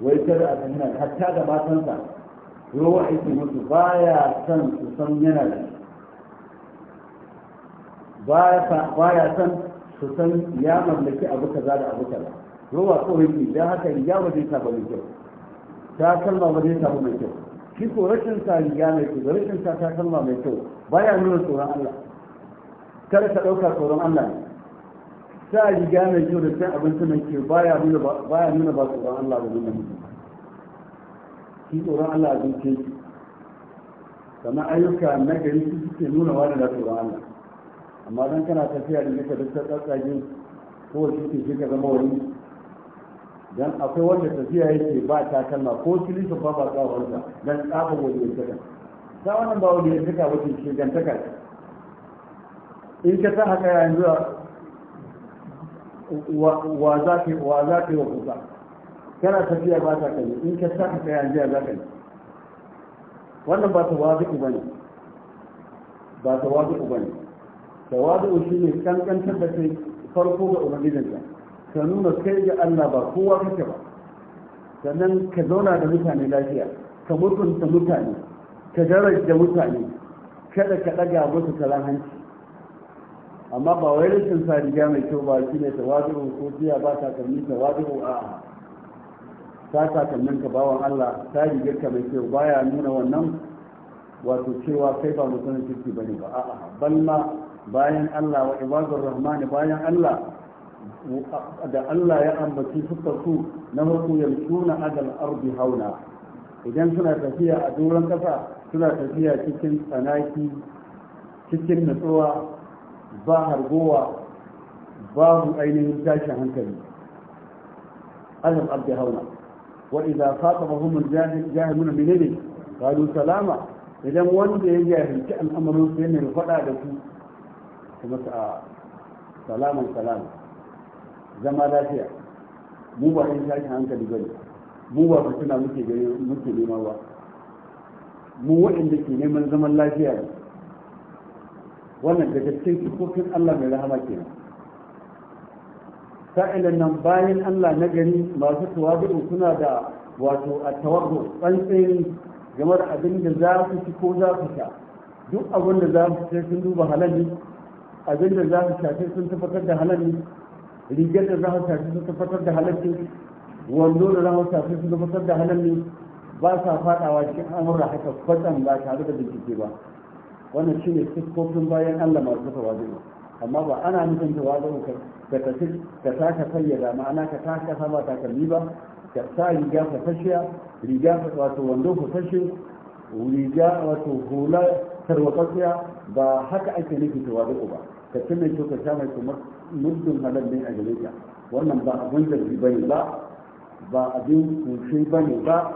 wai kada a tsanina hatta da matansa ruwa aiki ba ya san su san yana da ya san su san ya mallaki abu kaza da abu kaza ruwa tsohon yake don haka ya wajen sabon kyau ta kalma ba zai samu mai kyau shi ko rashin sa riga mai kyau da rashin sa ta kalma mai kyau baya nuna tsoron Allah kada ka ɗauka tsoron Allah ne sa riga mai kyau da cin abinci mai kyau baya nuna ba tsoron Allah ba nuna mutum shi tsoron Allah a zuciya shi sannan ayyuka na gari su suke nuna wani da tsoron Allah amma dan kana tafiya da duka duk ta tsatsage ko wasu ke shiga zama wani dan akwai wanda tafiya yake ba ta takalma ko kilisa ba ba wanda dan tsafin waliyantaka ta wannan ba waliyantaka ba ce shigantaka in ka ta haka yanzu wa za ki wa za ka yi wa kana tafiya ba ta kai, in ka ta haka yanzu za ka yi wannan ba ta wazi ba ne ba ta wazi ba ne ta wazi'u shi ne da farko ga ubangijinka ka nuna kai ga Allah ba kowa kake ba sannan ka zauna da mutane lafiya ka mutunta mutane ka daraja mutane kada ka ɗaga musu kalan hanci amma ba wai rashin sadiya mai kyau ba shi ne tawazu'u ko jiya ba ta kalmi a ta takalmin ka bawan Allah ta rigar ka mai kyau baya nuna wannan wato cewa kai ba mutumin kirki bane ba a'a balma bayan Allah wa ibadur rahman bayan Allah da Allah ya ambaci suka su na farko yamsuna adal ardi hauna idan suna tafiya a doron kasa suna tafiya cikin tsanaki cikin nutsuwa ba hargowa babu ainihin tashin hankali adal ardi hauna wa idza khatabahum al-jahiluna minni qalu salama idan wanda ya jahilci al'amarin sai ne faɗa da su kuma sa'a salaman salaman zama lafiya mu ba in tashin hankali ba mu ba fitina muke muke nema ba mu waɗanda ke neman zaman lafiya ne wannan daga cikin sifofin Allah mai rahama kenan sa'ilan nan bayan Allah na gani masu tawadu suna da wato a tawadu tsantsin game da abin da za su ci ko za su sha duk abin da za su sai sun duba halali abin da za su sha sai sun tabbatar da halali rigar da za a tafi su tabbatar da halalci wando da za a tafi su tabbatar da halalci ba sa fadawa cikin amurra haka kwatsam ba tare da bincike ba wannan shi ne siffofin bayan allah masu tawazu amma ba ana nufin tawazu ka tafi ka taka fayyada ma'ana ka taka sama takalmi ba ka sa riga fasashiya riga wato wando fasashe riga wato hula tarwatsatsiya ba haka ake nufi tawazu ba ka ci mai kyau ka sha mai kuma muddin halal ne a gare ka wannan ba abin zargi ba ne ba ba abin kushe ba ne ba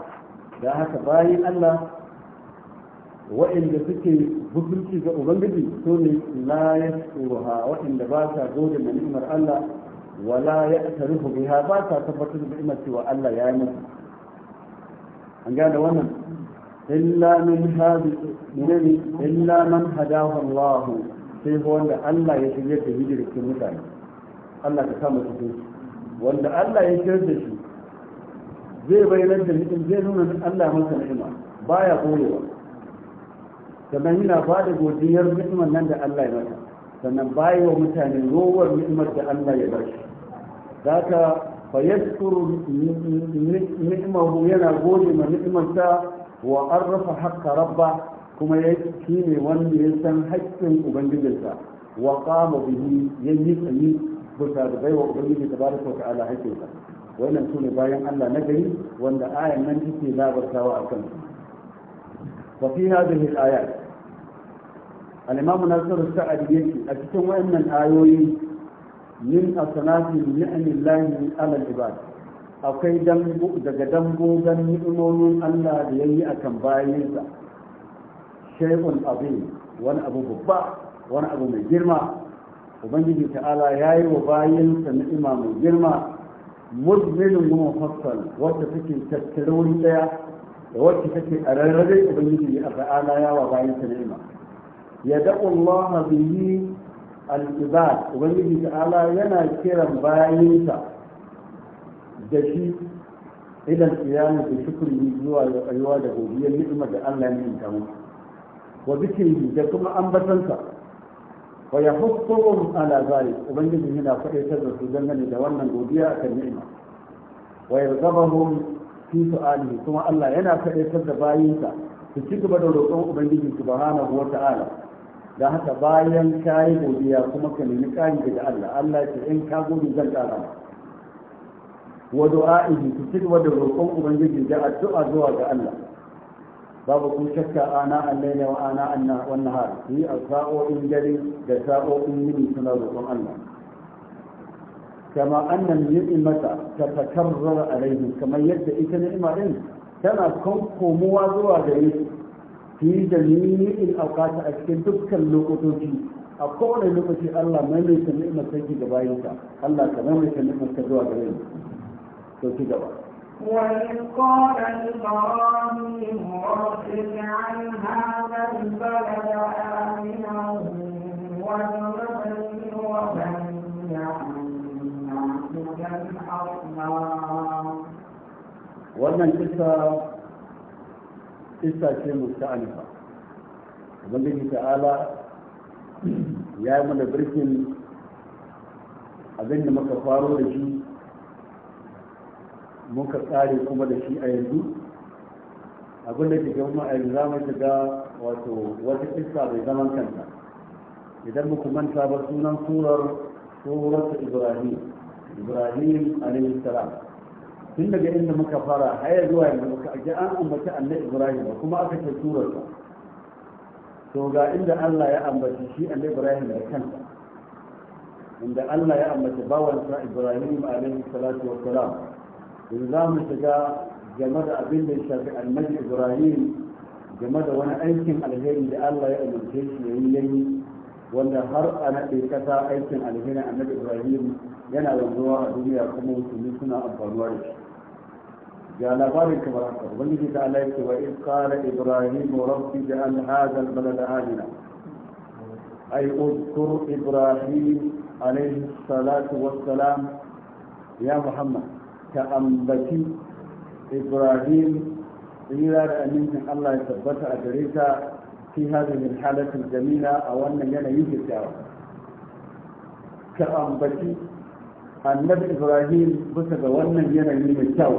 da haka bayan allah waɗanda suke hukunci ga ubangiji su ne la ya tsoruha waɗanda ba sa gode da ni'imar allah wala ya tarihu biha ba sa tabbatar da ni'imar cewa allah ya yi musu an gane wannan illa min hadi illa man hadahu allah sai fa wanda Allah ya shirya da hijir cikin mutane Allah ka kama su su wanda Allah ya shirya da shi zai bayyana da mutum zai nuna Allah masa ni'ima baya korewa sannan yana ba da godiyar ni'imar nan da Allah ya mata sannan bayi wa mutane rowar ni'imar da Allah ya bar shi zaka fa yaskuru ni'mahu yana gode ma ni'imarsa wa arrafa haqqa rabba kuma ya shi ne wanda ya san haƙƙin ubangijinsa wa qama bihi ya yi tsayi bisa da baiwa ubangiji tabaraka sauka ala haƙƙinsa wannan su ne bayan Allah na gari wanda ayan nan take labartawa akan wa fi hadhihi al-ayat al-imam Nasir al-Sa'di yake a cikin wayannan ayoyi min asnati ni'amillahi ala al-ibad akwai daga dangogon dan ni'imomin Allah da yayi akan bayansa shay'un abin wani abu babba wani abu mai girma ubangiji ta'ala ya yi wa bayansa ni'ima mai girma mudminin muhassal wacce take tattare wuri daya da wacce take a rarrabe ubangiji a ta'ala ya wa bayansa ni'ima ya da'u Allah bihi al-ibad ubangiji ta'ala yana kiran bayansa da shi idan iyalin da shukuri zuwa rayuwa da godiyar ni'imar da Allah ya ni'imta musu wa zikrihi da kuma على ذلك yahussuhum ala zalik ubangiji yana faɗaitar da su dangane da wannan godiya akan ni'ima wa yarghabahum fi su'alihi kuma Allah yana faɗaitar da bayinsa su ci da haka bayan ka yi godiya kuma ka nemi ƙari daga Allah Allah ya in ka gode zan ƙara ma wa du'a su ci da roƙon ubangiji da addu'a zuwa ga Allah babu kun shakka ana allaila wa ana anna wannan har su yi a sa'o'in gari da sa'o'in yini suna roƙon Allah kama annan ni'imata ta takarrar alaihi kamar yadda ita ima din tana kan komowa zuwa gare su fi da in auqata a cikin dukkan lokacoci a kowane lokaci Allah maimaita ni'imar sarki ga bayinka Allah ka maimaita ni'imar ka zuwa gare mu to ci gaba وإذ قال إبراهيم رب اجعل هذا البلد آمنا واجنبني وبني أن نعبد الأصنام wannan kisa kisa ce musta'anifa ubangiji ta'ala ya yi mana birkin abinda muka faro da shi muka tsare kuma da shi a yanzu abin da ke gama a yanzu za mu shiga wato wata kissa mai zaman kanta idan muku manta ba sunan surar surar ibrahim ibrahim alaihi salam tun daga inda muka fara har zuwa yanzu muka ajiye an ambaci annabi ibrahim ba kuma aka ce surar sa to ga inda Allah ya ambaci shi annabi ibrahim da kanta inda Allah ya ambaci bawansa ibrahim alaihi salatu wassalam yanzu za mu shiga game da abin da shafi annabi ibrahim game da wani aikin alheri da allah ya umarce shi ya yi yayi wanda har a naɗe kasa aikin alherin annabi ibrahim yana wanzuwa a duniya kuma musulmi suna amfanuwa da shi ga labarin kamar haka ubangiji ta allah yake wa in qala ibrahim rabbi ja'al hadha al-balad amina ay uzkur ibrahim alayhi salatu wassalam ya muhammad ta ambaci ibrahim rira da amincin allah ya tabbata a gare ta fi hadhihi halatin jamila a wannan yanayin kyakkyawa ka ambaci annabi ibrahim bisa ga wannan yanayi mai kyau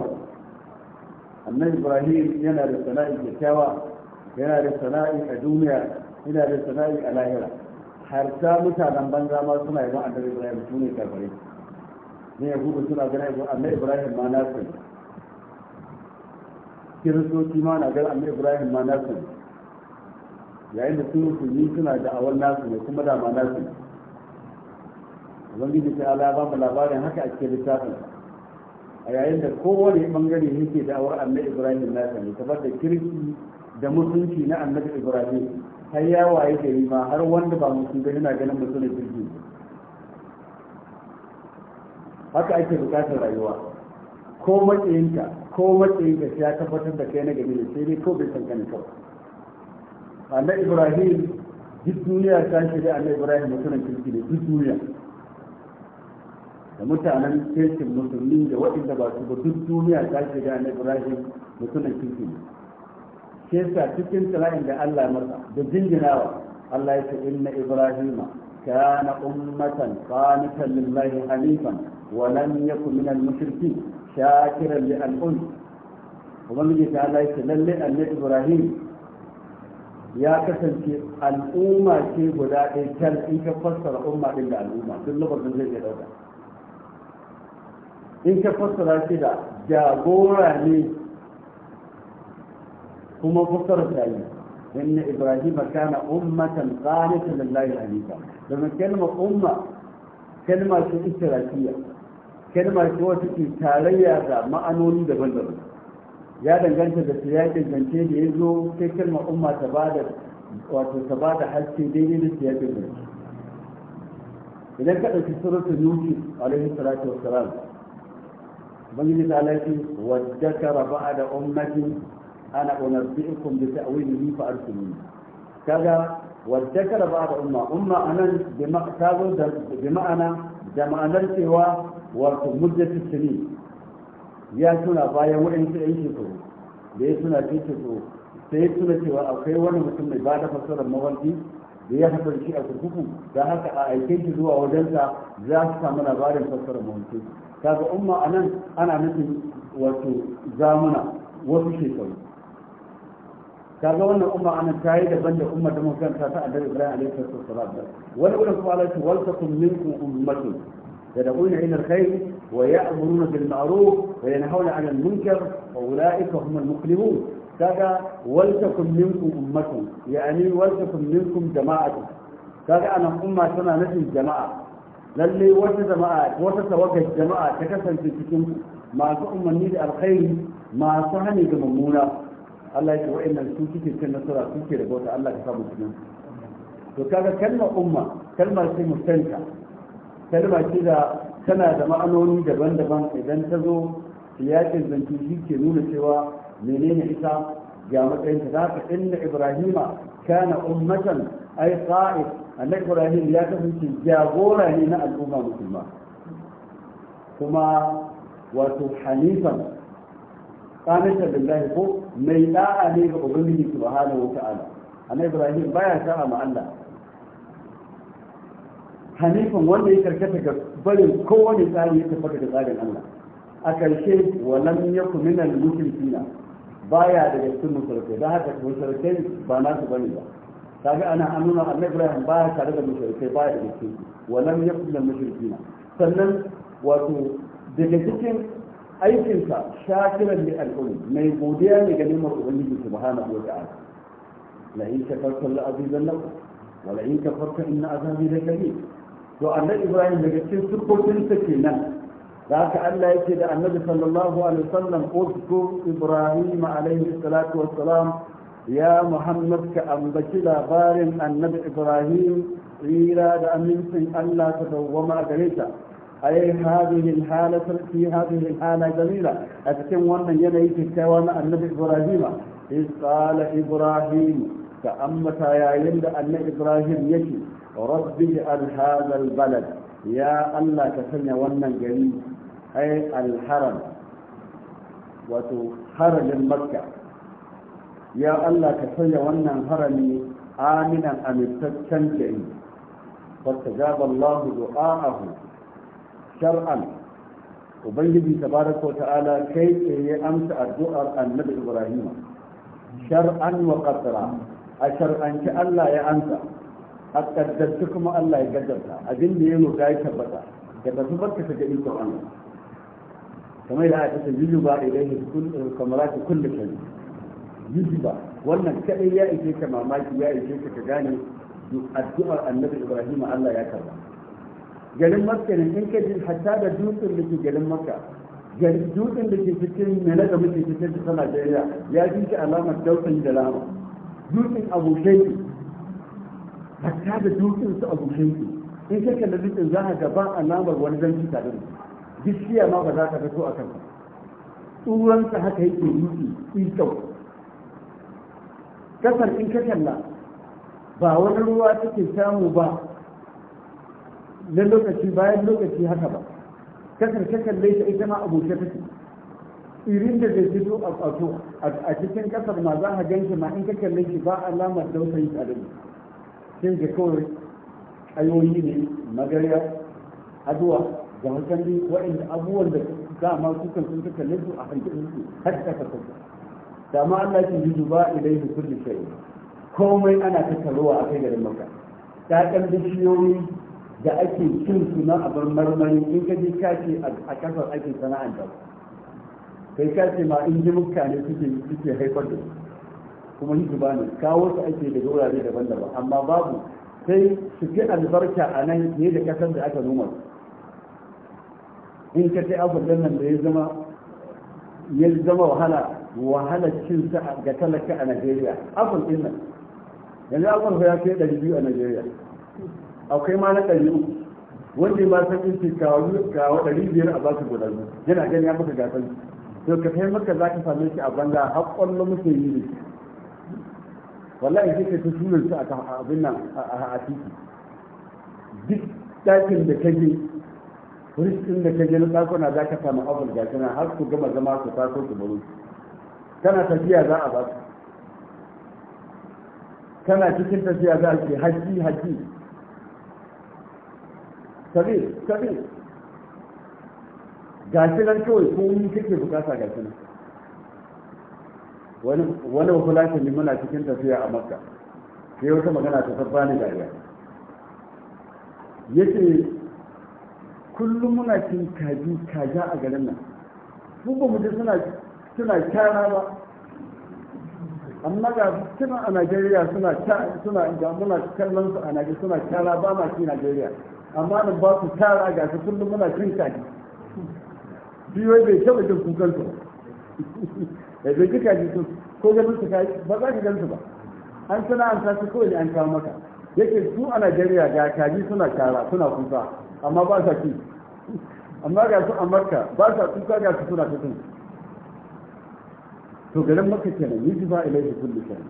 annabi ibrahim yana da sana'i kyakkyawa yana da sana'i a duniya yana da sana'i a lahira har ta mutanen banza ma suna yi annabi ibrahim su ne karbare ne ya gudu suna ganin ibrahim amma ibrahim ma nasin kiristoci ma na ganin amma ibrahim ma nasu yayin da sun yi suna da awon nasu ne kuma da ma nasu ubangiji ta ala ba mu labarin haka a cikin littafin a yayin da kowane bangare yake da awar amma ibrahim nasu ne kamar da kirki da musulunci na annabi ibrahim har yawa yake yi ma har wanda ba musulunci yana ganin musulunci jirgin. haka ake bukatar rayuwa ko matsayinka ko matsayinka shi ya tabbatar da kai na gari ne sai dai ko bai san kanin kawai annabi ibrahim duk duniya ta shirya annabi ibrahim mutumin kirki da duk duniya da mutanen kirkin musulmi da waɗanda ba su ba duk duniya ta shirya annabi ibrahim mutumin kirki ne Ke sa cikin tsala'in da allah masa da jinginawa allah ya ce inna ibrahima kana ummatan qanitan lillahi hanifan ولم يكن من المشركين شاكرا للأنس ومن يجيس الله يسلل أن إبراهيم يا كسل في الأمة في بلاء الجل إنك فصل أمة إلا الأمة في اللغة من ذلك الأولى إنك فصل كذا جابورا لي هم فصل الثاني إن إبراهيم كان أمة قانتا لله العليم لما كلمة أمة كلمة إسرائيلية kalma ce wata ke tarayya da ma'anoni daban-daban ya danganta da siyakin zance da ya zo sai kalma umma ta ba da wato ta ba da haske daidai da siyakin zance idan ka ɗauki suratul nufi alaihi salatu wassalam ubangiji ta lafi wa dakara da ummati ana unabbi'ukum bi ta'wilihi fa arsiluni kaga wa dakara ba'da umma umma anan bi ma'ana da ma'anar cewa wato muddatu sani ya suna bayan waɗansu ɗan shekaru da ya suna ce shekaru sai suna tuna cewa akwai wani mutum mai ba da fasarar mawarki da ya haɗar shi a kurkuku da haka a aike shi zuwa wajensa za su samu labarin fassarar mawarki kaga umma a nan ana nufin wato zamuna wasu shekaru kaga wannan umma nan ta yi daban da umma da mutum ta ta annabi ibrahim alaihi salatu wasalam wani wurin kuma Allah ya ce wal takum minkum ummatun يدعون إلى الخير ويأمرون بالمعروف وينهون عن المنكر وأولئك هم المخلفون كذا ولتكن منكم أمة يعني ولتكن منكم جماعة كذا أنا أمة سنة نفي جماعة للي وجه جماعة وتتوجه الجماعه تكسر في سكن ما تؤمن لي الخير ما سهني بممونة الله يقول إن السوكي تلك النصرة سوكي الله كتاب مسلم وكذا كلمة أمة كلمة مستنكر kalma ce da tana da ma'anoni daban-daban idan ta zo yakin zanci shi ke nuna cewa menene ita ga matsayinta za ka inda ibrahima kana ummatan ai qa'id annabi ibrahim ya kasance jagora ne na al'umma musulma kuma wato hanifan qanata billahi ko mai da'a ne ga ubangiji subhanahu wa ta'ala annabi ibrahim baya sa'a ma Allah hanifin wanda ya karkata ga barin kowane tsari ya tafi da tsarin Allah a karshe walam yaku minal muslimina baya daga cikin musulmai don haka musulmai ba nasu bane ba kaga ana an nuna annabi Ibrahim baya tare da musulmai baya daga cikin walam yaku minal muslimina sannan wato daga cikin aikinsa shakiran li al'um mai godiya ne ga neman ubangiji subhanahu wa ta'ala la in shakartum la azidannakum wa la in kafartum inna azabi lakabir to annabi ibrahim daga cikin siffofinsa kenan da haka Allah yake da annabi sallallahu alaihi wasallam uzkur ibrahim alaihi salatu wassalam ya muhammad ka ambaci labarin annabi ibrahim tsira da amincin Allah ta dawwama a gare ta yi hadihin hala sarki hadihin hala jamila a cikin wannan yanayi kyakkyawa na annabi ibrahim is ibrahim ka ammata yayin da annabi ibrahim yake rabbi ij'al hadha ya Allah ka sanya wannan gari ai alharam wato haramin makka ya Allah ka sanya wannan harami aminan amintaccen gari fastajaba Allah du'a'ahu shar'an ubangiji bada ko ta'ala kai tsaye ya amsa addu'ar annabi ibrahim shar'an wa qadra a shar'anci Allah ya amsa a kaddarci kuma Allah ya gaddarta abin da ya roƙa ya tabbata ya tafi barka ta gaɗin Qur'ani kamar da aka ce yuju ba ilaihi kamarati kullu shay'in yuju ba wannan kadai ya ishe ka mamaki ya ishe ka ka gane addu'ar annabi Ibrahim Allah ya karba garin Makka ne in ka ji hatta da dutsen da ke garin Makka dutsen da ke cikin mai da muke cikin ta Najeriya ya ji alamar daukan da lama dutsen abu abokai hatta da dutsen su a bushe su in ka kalli dukkan za ka gaba ba alamar wani zanci tare da bishiya ma ba za ka fito a kan tsuransa haka yake dutse tsitsau kasar in ka kalla ba wani ruwa take samu ba na lokaci bayan lokaci haka ba kasar ta kalle ta ita ma a ta take irin da zai fito a cikin kasar ma za a gan ma in ka kalle shi ba alamar dausayi tare da sai da kawai ayoyi ne magariya aduwa da hankali waɗanda abubuwan da dama su kan sun suka lalu a hankalin su har ta kasa da ma Allah ke yuzu ba ilai da kulli shay'in komai ana tattaruwa a kai garin maka ta kan bishiyoyi da ake cin su na abar marmari in ka je ka ce a kasar ake da kai ka ce ma in ji mutane suke suke haifar da su kuma hijima ne kawo su ake daga wurare daban-daban amma babu sai su fi albarka a nan fiye da ƙasar da aka noma in ka sai afirka nan da ya zama ya zama wahala wahala cin sa ga talaka a najeriya afirka nan yanzu afirka ya kai ɗari biyu a najeriya akwai ma na ɗari uku wanda ma san in ce kawo ɗari biyar a basu guda yana gani ya maka gasar to ka kai maka za ka same shi a banga har ƙwallo muke yi ne wallahi sai ka sunan su a abin nan a titi duk ɗakin da ka je ɗin da ka je na ɗakuna za ka samu abin gashi na har ku gama zama su taso su baro kana tafiya za a ba su kana cikin tafiya za a ce haji haji sabi sabi gashi nan kawai ko yi kike bukata gashi nan wani ne muna cikin tafiya a makka sai wata magana ta sabba ne dariya ya ce kullum muna cin kaji kaja a garin nan su ba mu suna kyara ba amma ga suna a najeriya suna suna ga muna kallon su a najeriya suna kyara ba ma ci najeriya amma nan ba su tara ga su kullum muna cin kaji biyo bai taɓa jin kukansu *laughs* da bai duka ji ko ganin su kai ba za ka gan su ba an an su kawai ne an kawo maka yake su a Najeriya ga kaji suna kara suna kusa amma ba sa ci amma ga su Amurka ba sa kusa ga su suna kusa to garin maka kenan yi ba ilaihi kullu kenan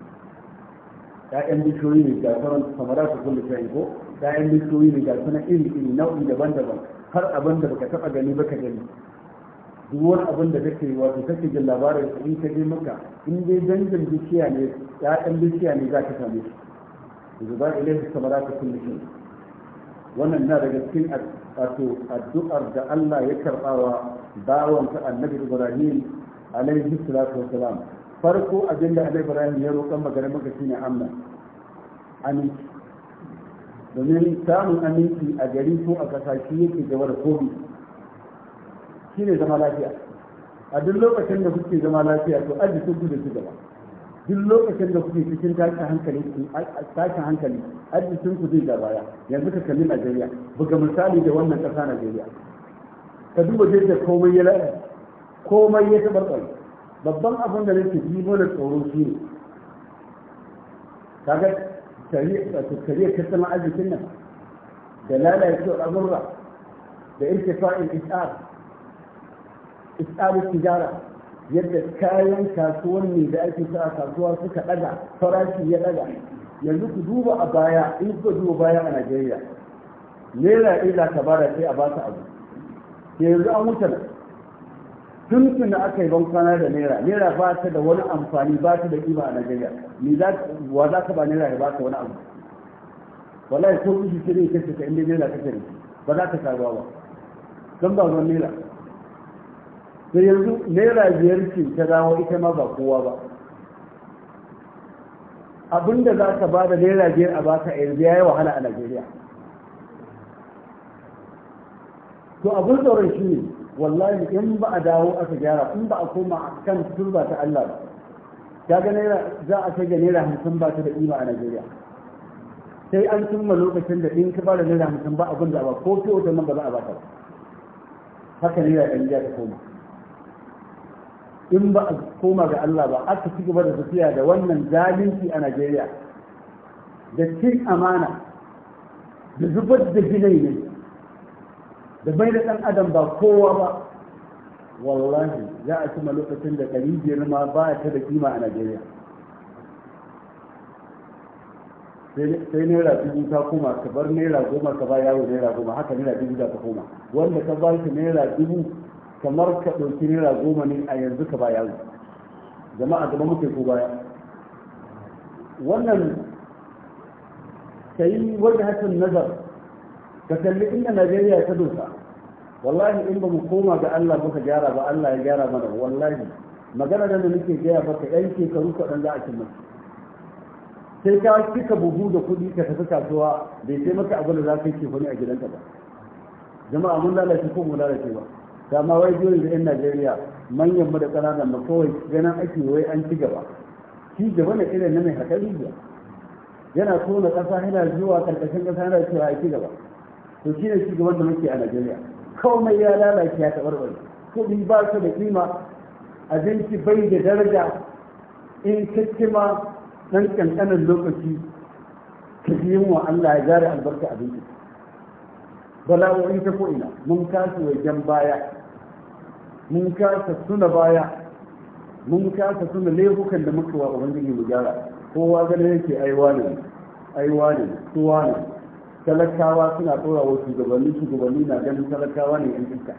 ya'yan bishiyoyi ne ga sauran samara su kulli kenan ko ya'yan bishiyoyi ne ga sunan iri iri nau'i daban-daban har abin da baka taba gani baka gani duk wani abin da kake wato kake jin labarin sa in ka je maka in dai dangin bishiya ne ya'yan bishiya ne za ka same shi zuba ilaihi samaratu kulli shay wannan na daga cikin wato addu'ar da Allah ya karbawa bawan ta annabi Ibrahim alaihi salatu wassalam farko abin da Annabi Ibrahim ya roƙa magana maka shine amna aminci domin samun aminci a gari ko a kasashe yake gaba da komai shi ne zama lafiya a duk lokacin da kuke zama lafiya to aji sun da su gaba duk lokacin da kuke cikin tashin hankali tashin hankali arzikin ku da baya yanzu ka kalli Najeriya buga misali da wannan ƙasa Najeriya ka duba yadda komai ya lalace komai ya tabarbaye babban abin da nake ji mana tsoro shi ne kaga kariya tattalin arzikin nan da lalacewar azurra da irtifa'in isar isali tijara yadda kayan kasuwar ne da ake sa a kasuwa suka daga farashi ya daga yanzu ku duba a baya in ku duba baya a najeriya naira ɗaya ta ka sai a ba ta abu yanzu an wuce tun tun aka yi ban kwana da naira naira ba ta da wani amfani ba ta da kima a najeriya ni za wa za ka ba naira ya ba ta wani abu wallahi ko kishi ce ne kace ka inda naira kake ne ba za ka karuwa ba don ba ruwan naira da yanzu naira biyar ce ta dawo ita ma ba kowa ba abinda za ka ba da naira biyar a baka yanzu ya yi wahala a najeriya to abin tsoron shi ne wallahi in ba a dawo aka gyara in ba a koma kan turba ta allah ba ta ga naira za a kai ga naira hamsin ba ta da ima a najeriya sai an cimma lokacin da in ka ba da naira hamsin ba abin da ba ko fiye nan ba za a ba ba haka naira ɗan ta koma in ba a koma ga Allah ba har ta ci gaba da tafiya da wannan zalunci a Najeriya da cin amana da zubar da gilai ne da bai da ɗan adam ba kowa ba wallahi za a cima lokacin da ɗari biyar ma ba ta da kima a Najeriya sai naira dubu ta koma ka bar naira goma ka ba yawo naira goma haka naira dubu za ta koma wanda ka ba shi naira dubu kamar ka ɗauki naira goma ne a yanzu ka ba yaro jama'a gaba muke ko baya wannan ka yi wajen hatin nazar ka kalli inda najeriya ta dosa wallahi in ba mu koma ga allah ka gyara ba allah ya gyara mana wallahi magana da nake gaya baka yan shekaru kaɗan za a cin masu sai ka cika buhu da kuɗi ka tafi kasuwa bai sai maka abin da za ka yi kefani a gidanka ba jama'a mun lalace ko mu lalace ba dama wai jiyoyi da 'yan najeriya manyan mu da ƙananan mu kawai ganin ake wai an ci gaba ci gaba na irin na mai hakari biya yana tona kasa, yana zuwa ƙarƙashin kasa yana cewa a ci gaba to shi ne ci gaban da muke a najeriya mai ya lalace ya taɓarɓare kuɗi ba su da kima abinci bai da daraja in kikima ɗan ƙanƙanar lokaci ka yi wa allah ya gyara albarka abinci bala'o'i ta ko'ina mun kasu wajen baya mun kasa tuna baya mun kasa tuna laifukan da muka wa ubangiji mu gyara kowa gane yake aiwa ne aiwa ne suwa ne talakawa suna tsora wa shugabanni shugabanni na ganin talakawa ne yan iska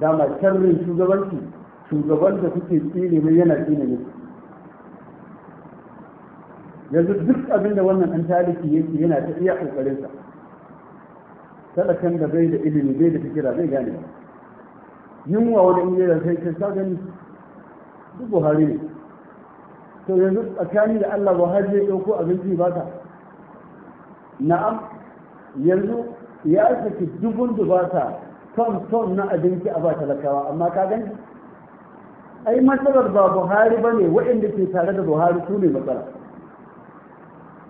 dama sharrin shugabanci shugaban da suke tsine mai yana tsine ne yanzu duk abin da wannan an taliki yake yana ta iya ƙoƙarinsa, talakan da bai da ilimi bai da fikira zai gane ba yunwa wani iya da kai kai ka gani duk buhari ne to yanzu tsakani da allah buhari ya ɗauko abinci ba ta na'am yanzu ya saki dubun dubata ton ton na abinci a ba talakawa amma ka gani ai matsalar ba buhari ba ne waɗanda ke tare da buhari su ne matsala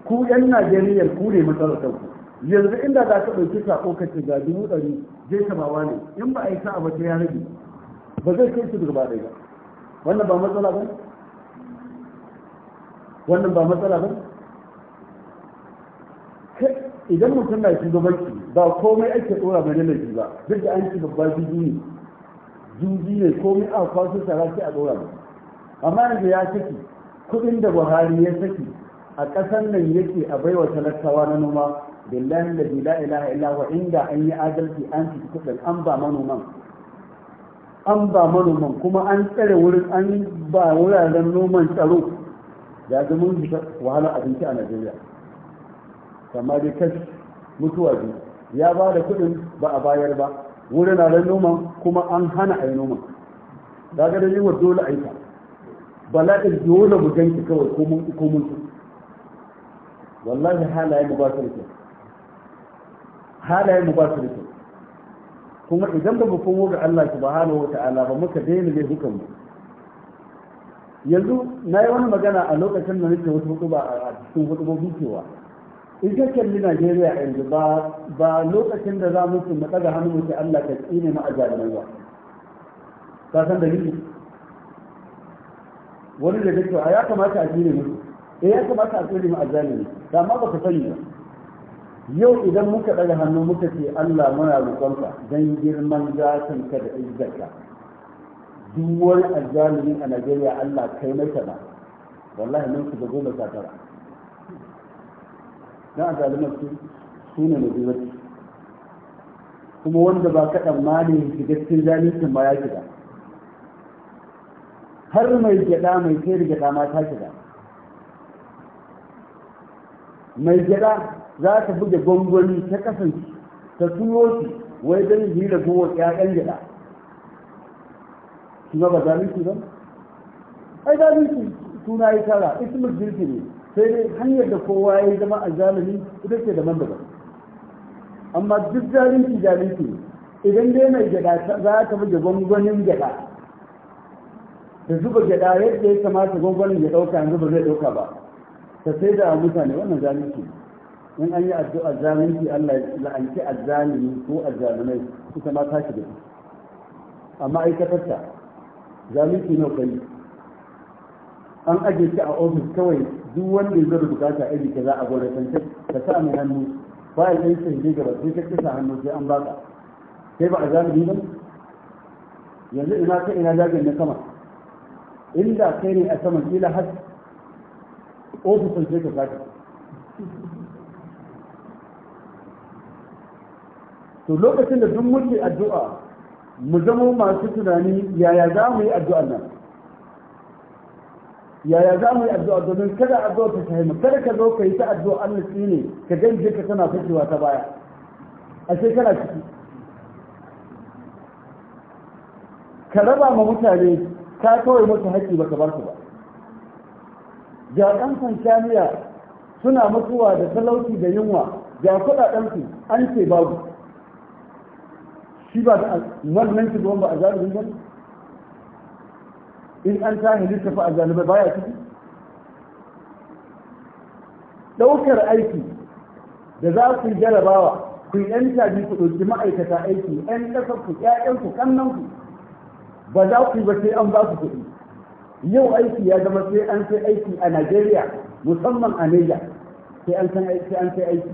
ku 'yan najeriya ku ne matsalar kanku yanzu inda za ka ɗauki sako ka ce ga dubu ɗari zai tabawa ne in ba a yi sa a wata yanar gizo ba zai kai su durba ɗaya ba wannan ba matsala ba wannan ba matsala ba idan mutum na shugabanci ba komai ake tsora mai lalaci ba duk da an ci babba juji ne juji ne komai a kwaso tara ce a tsora mai amma da ya saki kuɗin da buhari ya saki a ƙasar nan yake a baiwa talakawa na noma billahi alladhi la ilaha illa huwa inda an yi adalci an ci kudin an ba manoman an ba manoman kuma an tsare wurin an ba wuraren noman tsaro ya zama mun bisa wahalar abinci a Najeriya amma dai kashi mutuwa biyu ya ba da kuɗin ba a bayar ba Wurin wuraren noman kuma an hana a yi noman da ga da yiwa dole aika bala'in dole mu ganki kawai ko mun ko wallahi halaye mu ba su halayen mu ba su da kyau kuma idan ba mu komo ga Allah subhanahu wata'ala ba muka daina zai hukun mu yanzu na yi wani magana a lokacin da nake wasu hudu a cikin hudu cewa in ka kalli Najeriya yanzu ba lokacin da za mu mu daga hannu mu ce Allah ka tsine mu a jami'ai ba ka san dalili wani da ya kamata a tsine mu eh ya kamata a tsine mu a jami'ai da amma ba ka sani ba yau idan muka ɗaga hannu muka ce Allah muna roƙonka don girman zatin ka da izzarka duk wani azzalumi a Najeriya Allah kai mai ba wallahi mun shiga goma sha tara dan azzaluman su su ne mai zuwa kuma wanda ba kaɗan ma ne shiga cikin zalincin ba ya shiga har mai gyaɗa mai kai gyaɗa ma ta shiga mai gyaɗa za ta buga gwangwani ta kasance, ta tuno shi wai don yi da ya ƴaƴan gida kuma ba shi ba ai shi suna yi tara ismul jirgi ne sai dai hanyar da kowa ya zama a zalimi ita ce daban daban amma duk zalunci zalunci ne idan dai mai gyaɗa za ta buga gwangwanin gyaɗa ta zuba gyaɗa yadda ya kamata gwangwanin ya ɗauka yanzu ba zai ɗauka ba ta sai da mutane wannan zalunci ne in an yi addu'a zalunci Allah ya la'anci azzalimi ko azzalumai kusa ma tashi da amma ai aikatarta zalunci nau kai an aje shi a ofis kawai duk wanda zai bukata iri kaza a gonakance ka sa mai hannu ba ya yi sai gaba sai ka kisa hannu sai an baka sai ba a zalimi ba yanzu ina ka ina zagin na sama inda kai ne a sama kila har ofisin sai ka kasa to lokacin da duk muke addu'a mu zama masu tunani yaya za mu yi addu'a nan yaya za mu yi addu'a domin kada addu'a ta shahimu kada ka zo ka yi ta addu'a Allah shi ne ka ganje ka tana fitowa ta baya ashe kana ciki ka raba ma mutane ka kawai musu haƙƙi baka bar su ba jaƙan sansaniya suna mutuwa da talauci da yunwa ga kuɗaɗensu an ce babu shi ba wannan ki ba a zalibin ba in an tashi littafa a zalibai baya ciki ɗaukar aiki da za ku jarabawa ku yan tabi ku ɗauki ma'aikata aiki yan ƙasar ku ƴaƴan ku kannan ku ba za ku ba sai an ba ku kuɗi yau aiki ya zama sai an sai aiki a Najeriya musamman a Niger sai an san aiki an sai aiki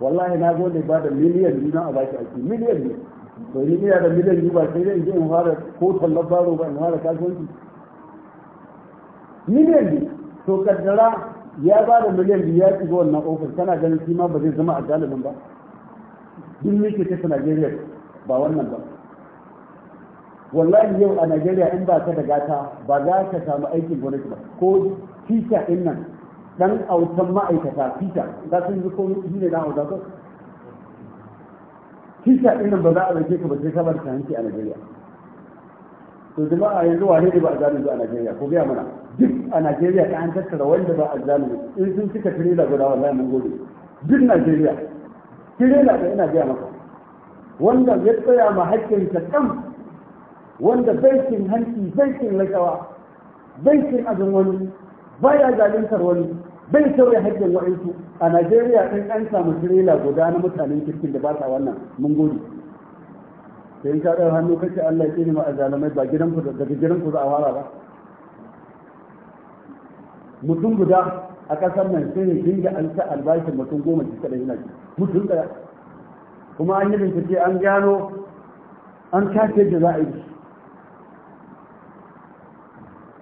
wallahi na gode ba da miliyan biyu na a baki aiki miliyan ne. to ni ina da miliyan yi ba sai zai yi je in fara ko tallar baro ba in fara kasuwanci miliyan biyu to kaddara ya ba da miliyan biyu ya shiga wannan ofis tana ganin shi ma ba zai zama a galibin ba duk ke kasa Najeriya ba wannan ba wallahi yau a Najeriya in ba ka da gata ba za ka samu aikin gwamnati ba ko fita din nan dan autan ma'aikata fita za su yi ko ne dan autan tisa ɗin ba za a rage ka ba sai kamar ta hanci a Najeriya to jama'a yanzu wane ne ba a zalunci a Najeriya ko gaya mana duk a Najeriya ta an tattara wanda ba a zalunci in sun cika tirela guda wallahi mun gode duk Najeriya tirela da ina gaya maka wanda ya tsaya ma haƙƙinsa kan wanda bai cin hanci bai cin rashawa bai cin abin wani baya zaluntar wani bai sauya haƙƙin wa'insu a najeriya sun an samu tirela guda na mutanen kirkin da ba sa wannan mun gode sai in ka ɗaya hannu kashe allah ya ma a zalamai ba gidan ku daga gidan ku za a fara ba mutum guda a ƙasar nan sai ne dinga an sa albashin mutum goma ci kaɗai yana ci mutum ɗaya kuma an yi bincike an gano an kace da za a yi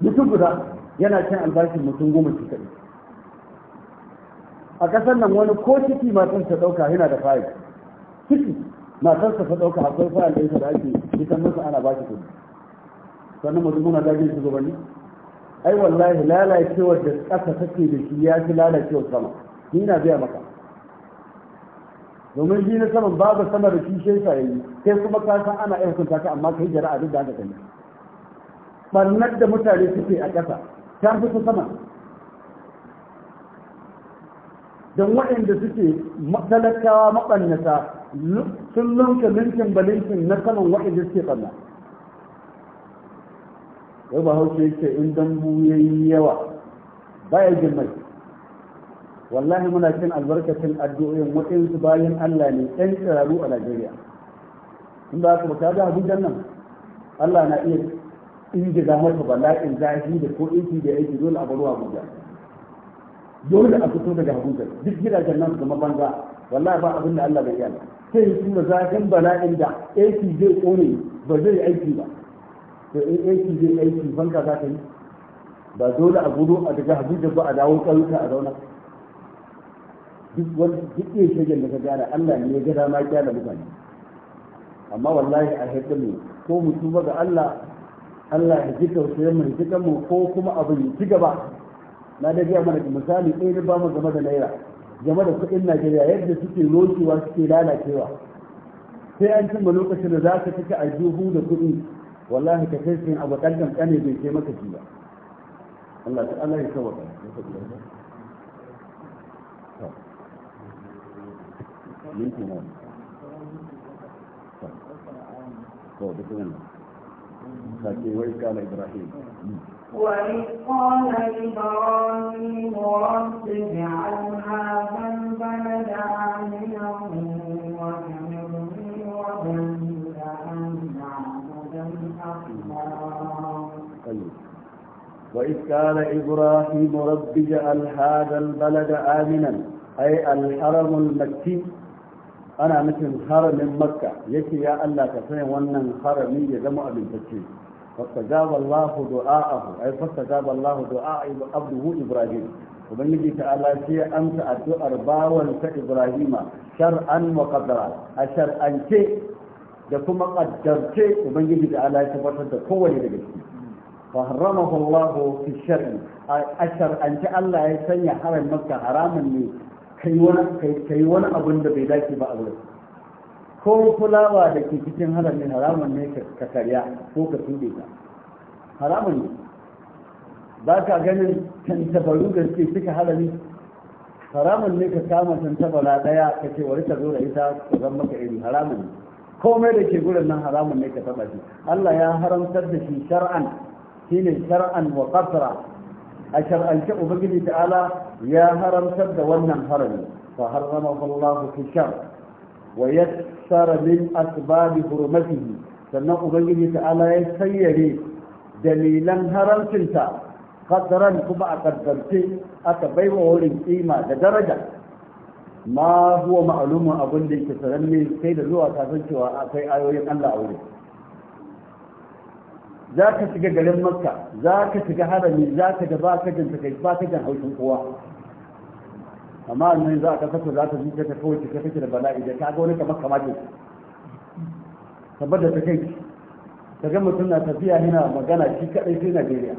mutum guda yana cin albashin mutum goma ci kaɗai a ƙasar nan wani ko ciki matan ta ɗauka yana da fayil ciki matan ta ta ɗauka akwai da ɗinsa da ake fitan masa ana ba shi kuɗi sannan mutum muna dajin shugabanni ai wallahi lalacewar da ƙasa take da shi ya fi lalacewar sama ni na biya maka domin shi na saman babu sama da shi sai sa yi sai kuma ka san ana aikunta ka amma kai jara'a duk da haka kai barnar da mutane suke a ƙasa ta fi sama don waɗanda suke talakawa maɓannata sun lunka linkin balinkin na saman waɗanda suke ɓanna yau ba haushe yake in dambu ya yi yawa baya wallahi muna cin albarkacin addu'o'in waɗansu bayan allah ne ɗan tsiraru a najeriya in ba ka baka ga abujan nan allah na iya injiga masa bala'in zafi da ko inki da yake dole a baro abuja dole a fito daga Abuja duk gidajen nan kuma banza wallahi ba abin da Allah bai yi sai su da zafin bala'in da aiki zai kone ba zai aiki ba to in aiki zai aiki banka za ka yi ba dole a gudu a daga Abuja ba a dawo ƙauyuka a zauna duk wani duk iya shagen da ka gane Allah ne ya ga dama kyala mutane amma wallahi a haifar mu ko mu tuba ga Allah Allah ya ji tausayin mu ji mu ko kuma abin ya ci gaba na da biya mana misali ɗaya na ba mu game da naira game da kuɗin najeriya yadda suke lokewa suke lalacewa sai an cimma lokacin da za ka cika juhu da kuɗi wallahi ka kai sun abu ɗan ƙane bai kai maka ba Allah ta Allah ya saba minti na to ناكي وإذ قال إبراهيم وإذ قال إبراهيم رب اجعل هذا البلد آمنا وإذ قال إبراهيم رب هذا البلد آمنا أي الحرم المكي أنا مثل حرم مكة يكي يا الله كفين ونن حرمي يزم من تكيه فاستجاب الله دعاءه أي فاستجاب الله دعاء عبده إبراهيم ubangiji ta'ala sai ya amsa addu'ar ta ibrahima shar'an wa qadara a shar'ance da kuma qaddarce ubangiji ta'ala ya tabbatar da kowane daga ciki fa haramahu Allah fi shar'i a shar'ance Allah ya sanya haram maka haramun ne kai wani kai wani abin da bai dace ba a wurin ko fulawa da ke cikin haramin haramun ne ka karya ko ka tuɗe ta haramun ne ba ka ganin tantabaru da suke cika harami haramun ne ka kama tantabara ɗaya ka ce wani ta zo da ita ka zan maka iri haramun ne komai da ke gurin nan haramun ne ka taɓa shi Allah ya haramtar da shi shar'an shine shar'an wa qasra a shar'ance ubangiji ta'ala ya haramtar da wannan harami fa harramahu Allah fi shar wa yassara min asbabi hurmatihi sannan ubangiji ta'ala ya sayyare dalilan haramcinta qadran kuma a kaddance aka baiwa wurin kima da daraja ma huwa ma'lumun abin da yake sananne sai da zuwa kasan cewa akwai ayoyin Allah a wurin za ka shiga garin makka za ka shiga harami za ka da ba ka jin ba ka jin haushin kowa amma nan za a ka za ta zuce ta kawai ta kake da bala'i da ka ga wani kamar kamar ke tabbar da ta kai ka ga mutum na tafiya yana magana shi kadai sai Najeriya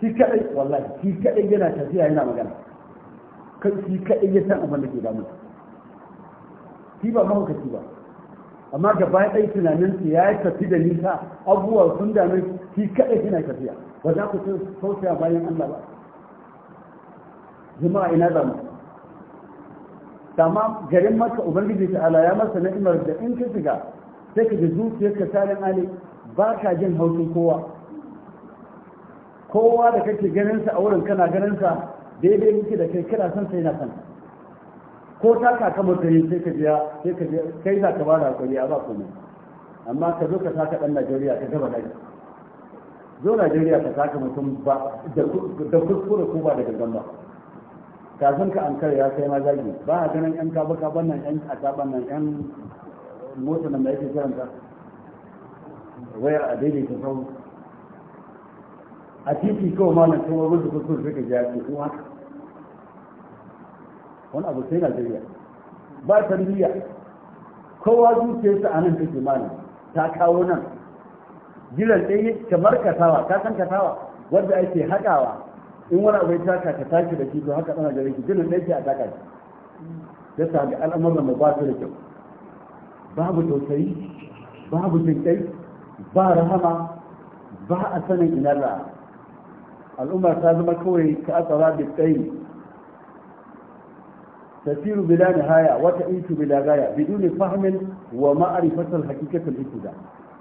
shi kadai wallahi shi kadai yana tafiya yana magana kai shi kadai ya san abin da ke damu shi ba mahaukaci ba amma ga gaba ɗaya tunanin su ya yi tafi da nisa abubuwa sun dame shi kadai yana tafiya ba za ku tausaya bayan Allah ba zuma ina zamu amma garin maka ubangiji ta ala ya masa na'imar da in ka shiga sai ka ji ka tarin ali ba ka jin haushin kowa kowa da kake ganin sa a wurin kana ganin sa daidai muke da kai kira san sai na san ko ta kaka mutane sai ka biya sai ka kai za ka bada hakuri a ba komai amma ka zo ka saka dan Najeriya ka gaba dai zo Najeriya ka saka mutum ba da kuskure ko ba da gangan ba kafin ka ankara ya kai ma zagi ba a ganin yan kaba kaban nan yan kasaban nan yan motsa nan da yake ta wayar a daidaita sau a titi kawai ma nan kuma rubuta kusur suka ji ke kuma wani abu sai najeriya ba tarbiyya kowa zuciyarsa a nan take malam ta kawo nan gidan ɗaya kamar katawa ta san kasawa wadda ake haƙawa in wani abu ya taka ka tashi da shi to haka ɗana gare ki jinin ɗaya ke a taka shi ya sami al'amuran da ba su da kyau babu tausayi babu jinkai ba rahama ba a sanin ina da al'umma ta zama kawai ta asara da tsayi tasiru bila nihaya wata itu bila gaya biduni fahmin wa ma'rifatul haqiqatul da.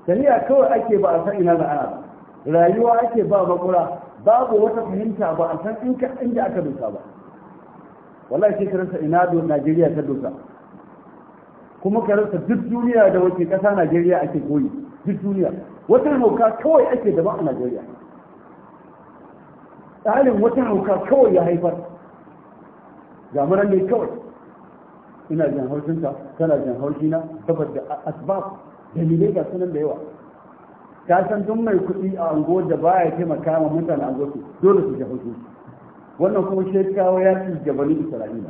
tahiya kawai ake ba a san ina da ana rayuwa ake ba makura babu wata fahimta ba a san inda aka dosa ba wallahi sai ka rasa ina do Najeriya ta dosa kuma ka rasa duk duniya da wace kasa Najeriya ake koyi duk duniya wata hauka kawai ake daban a Najeriya tsarin wata hauka kawai ya haifar ga ne kawai ina jin haushinka kana jin haushina saboda asbab dalilai ga sunan da yawa ka san duk mai kuɗi a unguwar da baya taimaka ma mutane a gosu dole su tafi su wannan kuma shi kawo ya ci jabali isra'ila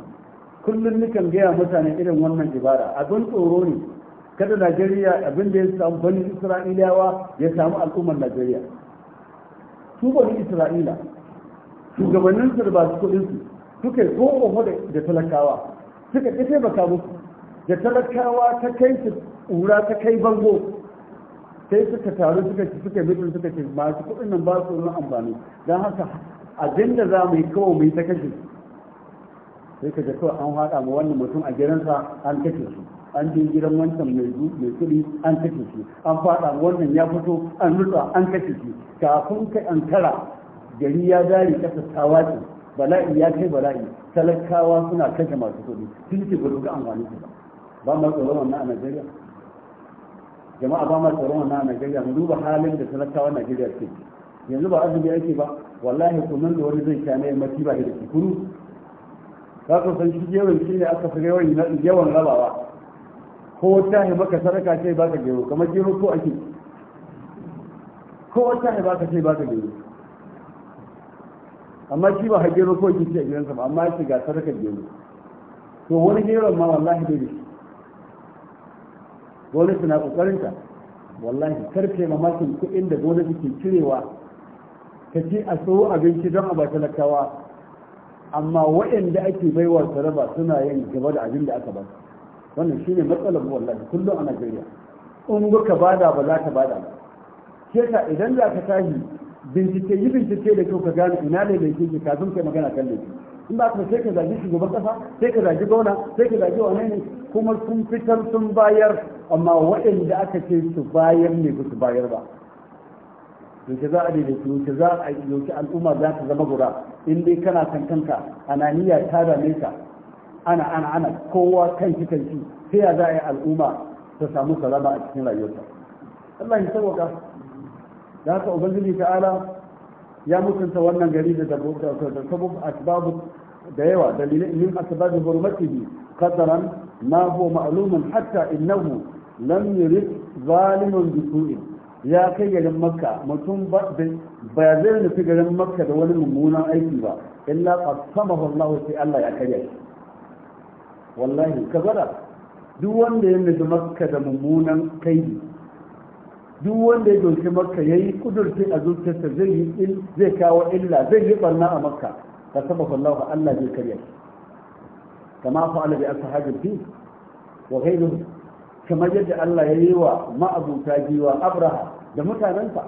kullum nukan gaya mutane irin wannan ibara abin tsoro ne kada najeriya abin da ya samu bani isra'ilawa ya samu al'ummar najeriya su bani isra'ila shugabannin su da ba su kuɗin su suka yi ko da talakawa suka ƙi taimaka musu da talakawa ta kai su ƙura ta kai bango sai suka taru suka ci suka mitin suka ce masu kuɗin nan ba su wani amfani don haka a da za mu yi kawo mu yi ta kashe sai ka ga kawai an haɗa ma wannan mutum a gidansa an kashe su. an je gidan wancan mai zu mai kuɗi an kashe su. an faɗa ma wannan ya fito an rutsa an kashe su. kafin kai an tara gari ya dare kasa wace, bala'i ya kai bala'i talakawa suna kashe masu kuɗi sun ce ba ga amfani su ba ba ma tsoron wannan a Najeriya jama'a ba ma tsaron na a Najeriya mu duba halin da talakawan Najeriya ke yanzu ba azumi yake ba wallahi nan da wani zai sha na yammaci ba da kuru ka ku san shi yawan shi ne aka fi yawan yawan rabawa ko wata ne baka sadaka ce baka gero kamar gero ko ake ko wata ne baka ce baka gero amma shi ba ha gero ko ake ce a gidansa ba amma shi ga sadaka gero to wani gero ma wallahi bai da shi gwamnati na kokarinta wallahi karfe mamakin kuɗin da gwamnati ke cirewa ka ci a tsoho abinci don a ba talakawa amma waɗanda ake baiwa taraba suna yin gaba da abin da aka ba wannan shine matsalar wallahi kullum a Najeriya in ka bada ba za ka bada ba ke ka idan za ka tashi bincike yi bincike da kyau ka gane ina ne da yake kafin kai magana kan laifi in ba ka sai ka zagi shugaban kasa sai ka zagi gwamna sai ka zagi wani ne kuma sun fitar sun bayar amma waɗanda aka ce su bayar ne ba su bayar ba yauke za a daidaita yauke za a yauke al'umma za ta zama gura in dai kana kankanka ananiya ta dame ka ana ana ana kowa kanki kanki sai ya za a yi al'umma ta samu salama a cikin rayuwarta Allah ya sauwaka da haka ubangiji ta'ala ya mutunta wannan gari da sabab asbabu da yawa dalilin min asbabu hurmatihi qadaran ما هو معلوم حتى إنه لم يرد ظالم بسوء ya kai garin makka mutum ba zai nufi garin makka da wani mummunan aiki ba illa qasama Allah sai Allah ya karya shi wallahi duk wanda ya nufi maka da mummunan kaidi duk wanda ya doki makka yayi kudurci a zuciyarsa zai kawo illa zai yi barna a makka qasama Allah Allah karya kama fa'ala bi ashabil fil wa ghayruhum kamar yadda Allah ya yi wa ma'abuta giwa Abraha da mutanensa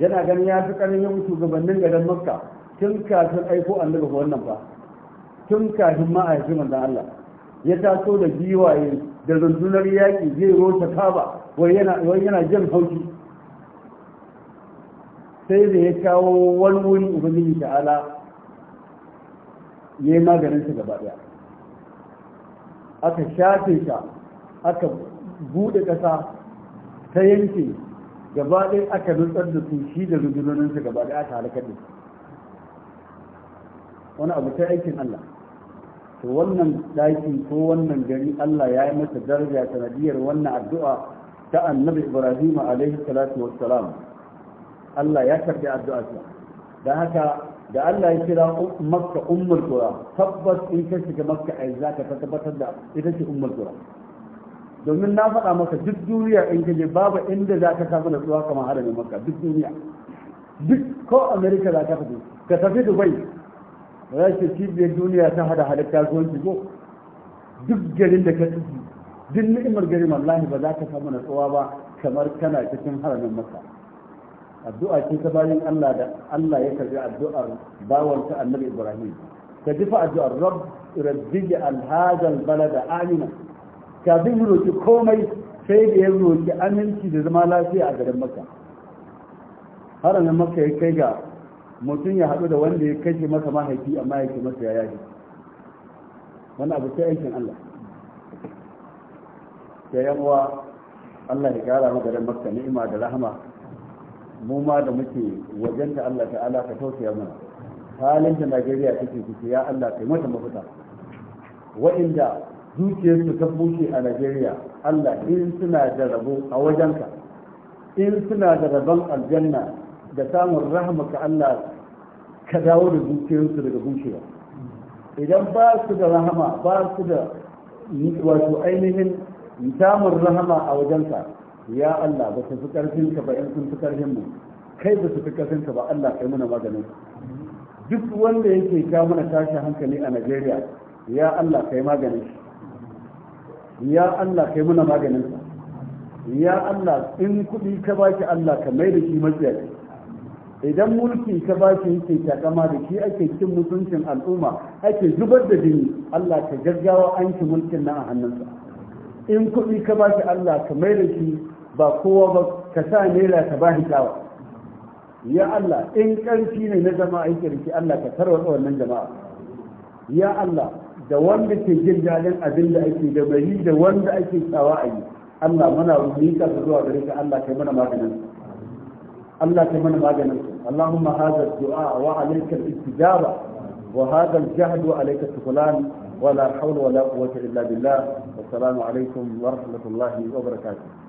yana ganin ya fi ƙarfin shugabannin garin Makka tun kafin aiko annabi ga wannan fa tun kafin ma a yi manzon Allah ya taso da giwaye da rundunar yaƙi zai rota kaba wai yana jan hauki sai da ya kawo wani wuri ubangiji ta'ala ya yi maganin su gaba daya aka shafe ta aka buɗe ƙasa ta yanke gaba ɗaya aka nutsar da su shi da rundunoninsa gaba ɗaya aka halakar da su wani abu ta aikin Allah to wannan ɗakin ko wannan gari Allah ya yi masa daraja sanadiyar wannan addu'a ta annabi Ibrahim alaihi salatu wassalam Allah ya karbi addu'arsa da haka da Allah ya kira um, makka ummul qura tabbas in ka shiga makka ai za ka tabbatar da ita ce ummul qura domin na faɗa maka duk duniya in ka je babu inda za ka samu natsuwa kamar haramin makka duk duniya duk ko america za ka fito ka tafi dubai rashin cibiyar duniya ta hada halitta kasuwanci ko duk garin da ka tafi duk ni'imar garin wallahi ba za ka samu nutsuwa ba kamar kana cikin haramin makka addu'a ce ta bayan Allah da Allah ya karbi addu'ar bawansa annabi Ibrahim ka ji addu'ar rabb rabbi al balada amina kafin ya roki komai sai da ya roki aminci da zama lafiya a garin Makka har nan Makka ya kai ga mutum ya haɗu da wanda ya kashe maka mahaifi amma ya ce masa ya yaji wani abu sai aikin Allah sai yan Allah ya kara maka garin Makka ni'ima da rahama mu ma da muke wajen ta Allah ta'ala ka tausaya mana halin da Najeriya take ciki ya Allah kai mata mafita wa'inda zuciyarsu ta bushe a Najeriya Allah in suna da rabo a wajenka in suna da rabon aljanna da samun rahmaka Allah ka dawo da zuciyarsu daga bushewa idan ba su da rahama ba su da wato ainihin samun rahama a wajenka ya Allah ba su fi karfin ka ba in sun fi karfin mu kai ba su fi karfin ka ba Allah kai muna maganin duk wanda yake ka mana tashin hankali a Najeriya ya Allah kai maganin ya Allah kai muna maganin sa ya Allah in kuɗi ka baki Allah ka mai da shi matsiyaci idan mulki ka baki yake takama da shi ake cin mutuncin al'umma ake zubar da jini Allah ka gaggawa an mulkin nan a hannunsa in kuɗi ka ba shi Allah ka mai da shi ba kowa ba ka sa naira ka ba shi dawa ya Allah in ƙarfi ne na zama yake da shi Allah ka tarwata wannan jama'a ya Allah da wanda ke jin daɗin abin da ake da bai da wanda ake tsawa a yi Allah muna miƙa su zuwa gare ka Allah kai mana maganin Allah kai mana maganin Allahumma hadha du'a wa alayka al-istijaba wa hadha al-jahd wa alayka al ولا حول ولا قوة إلا بالله والسلام عليكم ورحمة الله وبركاته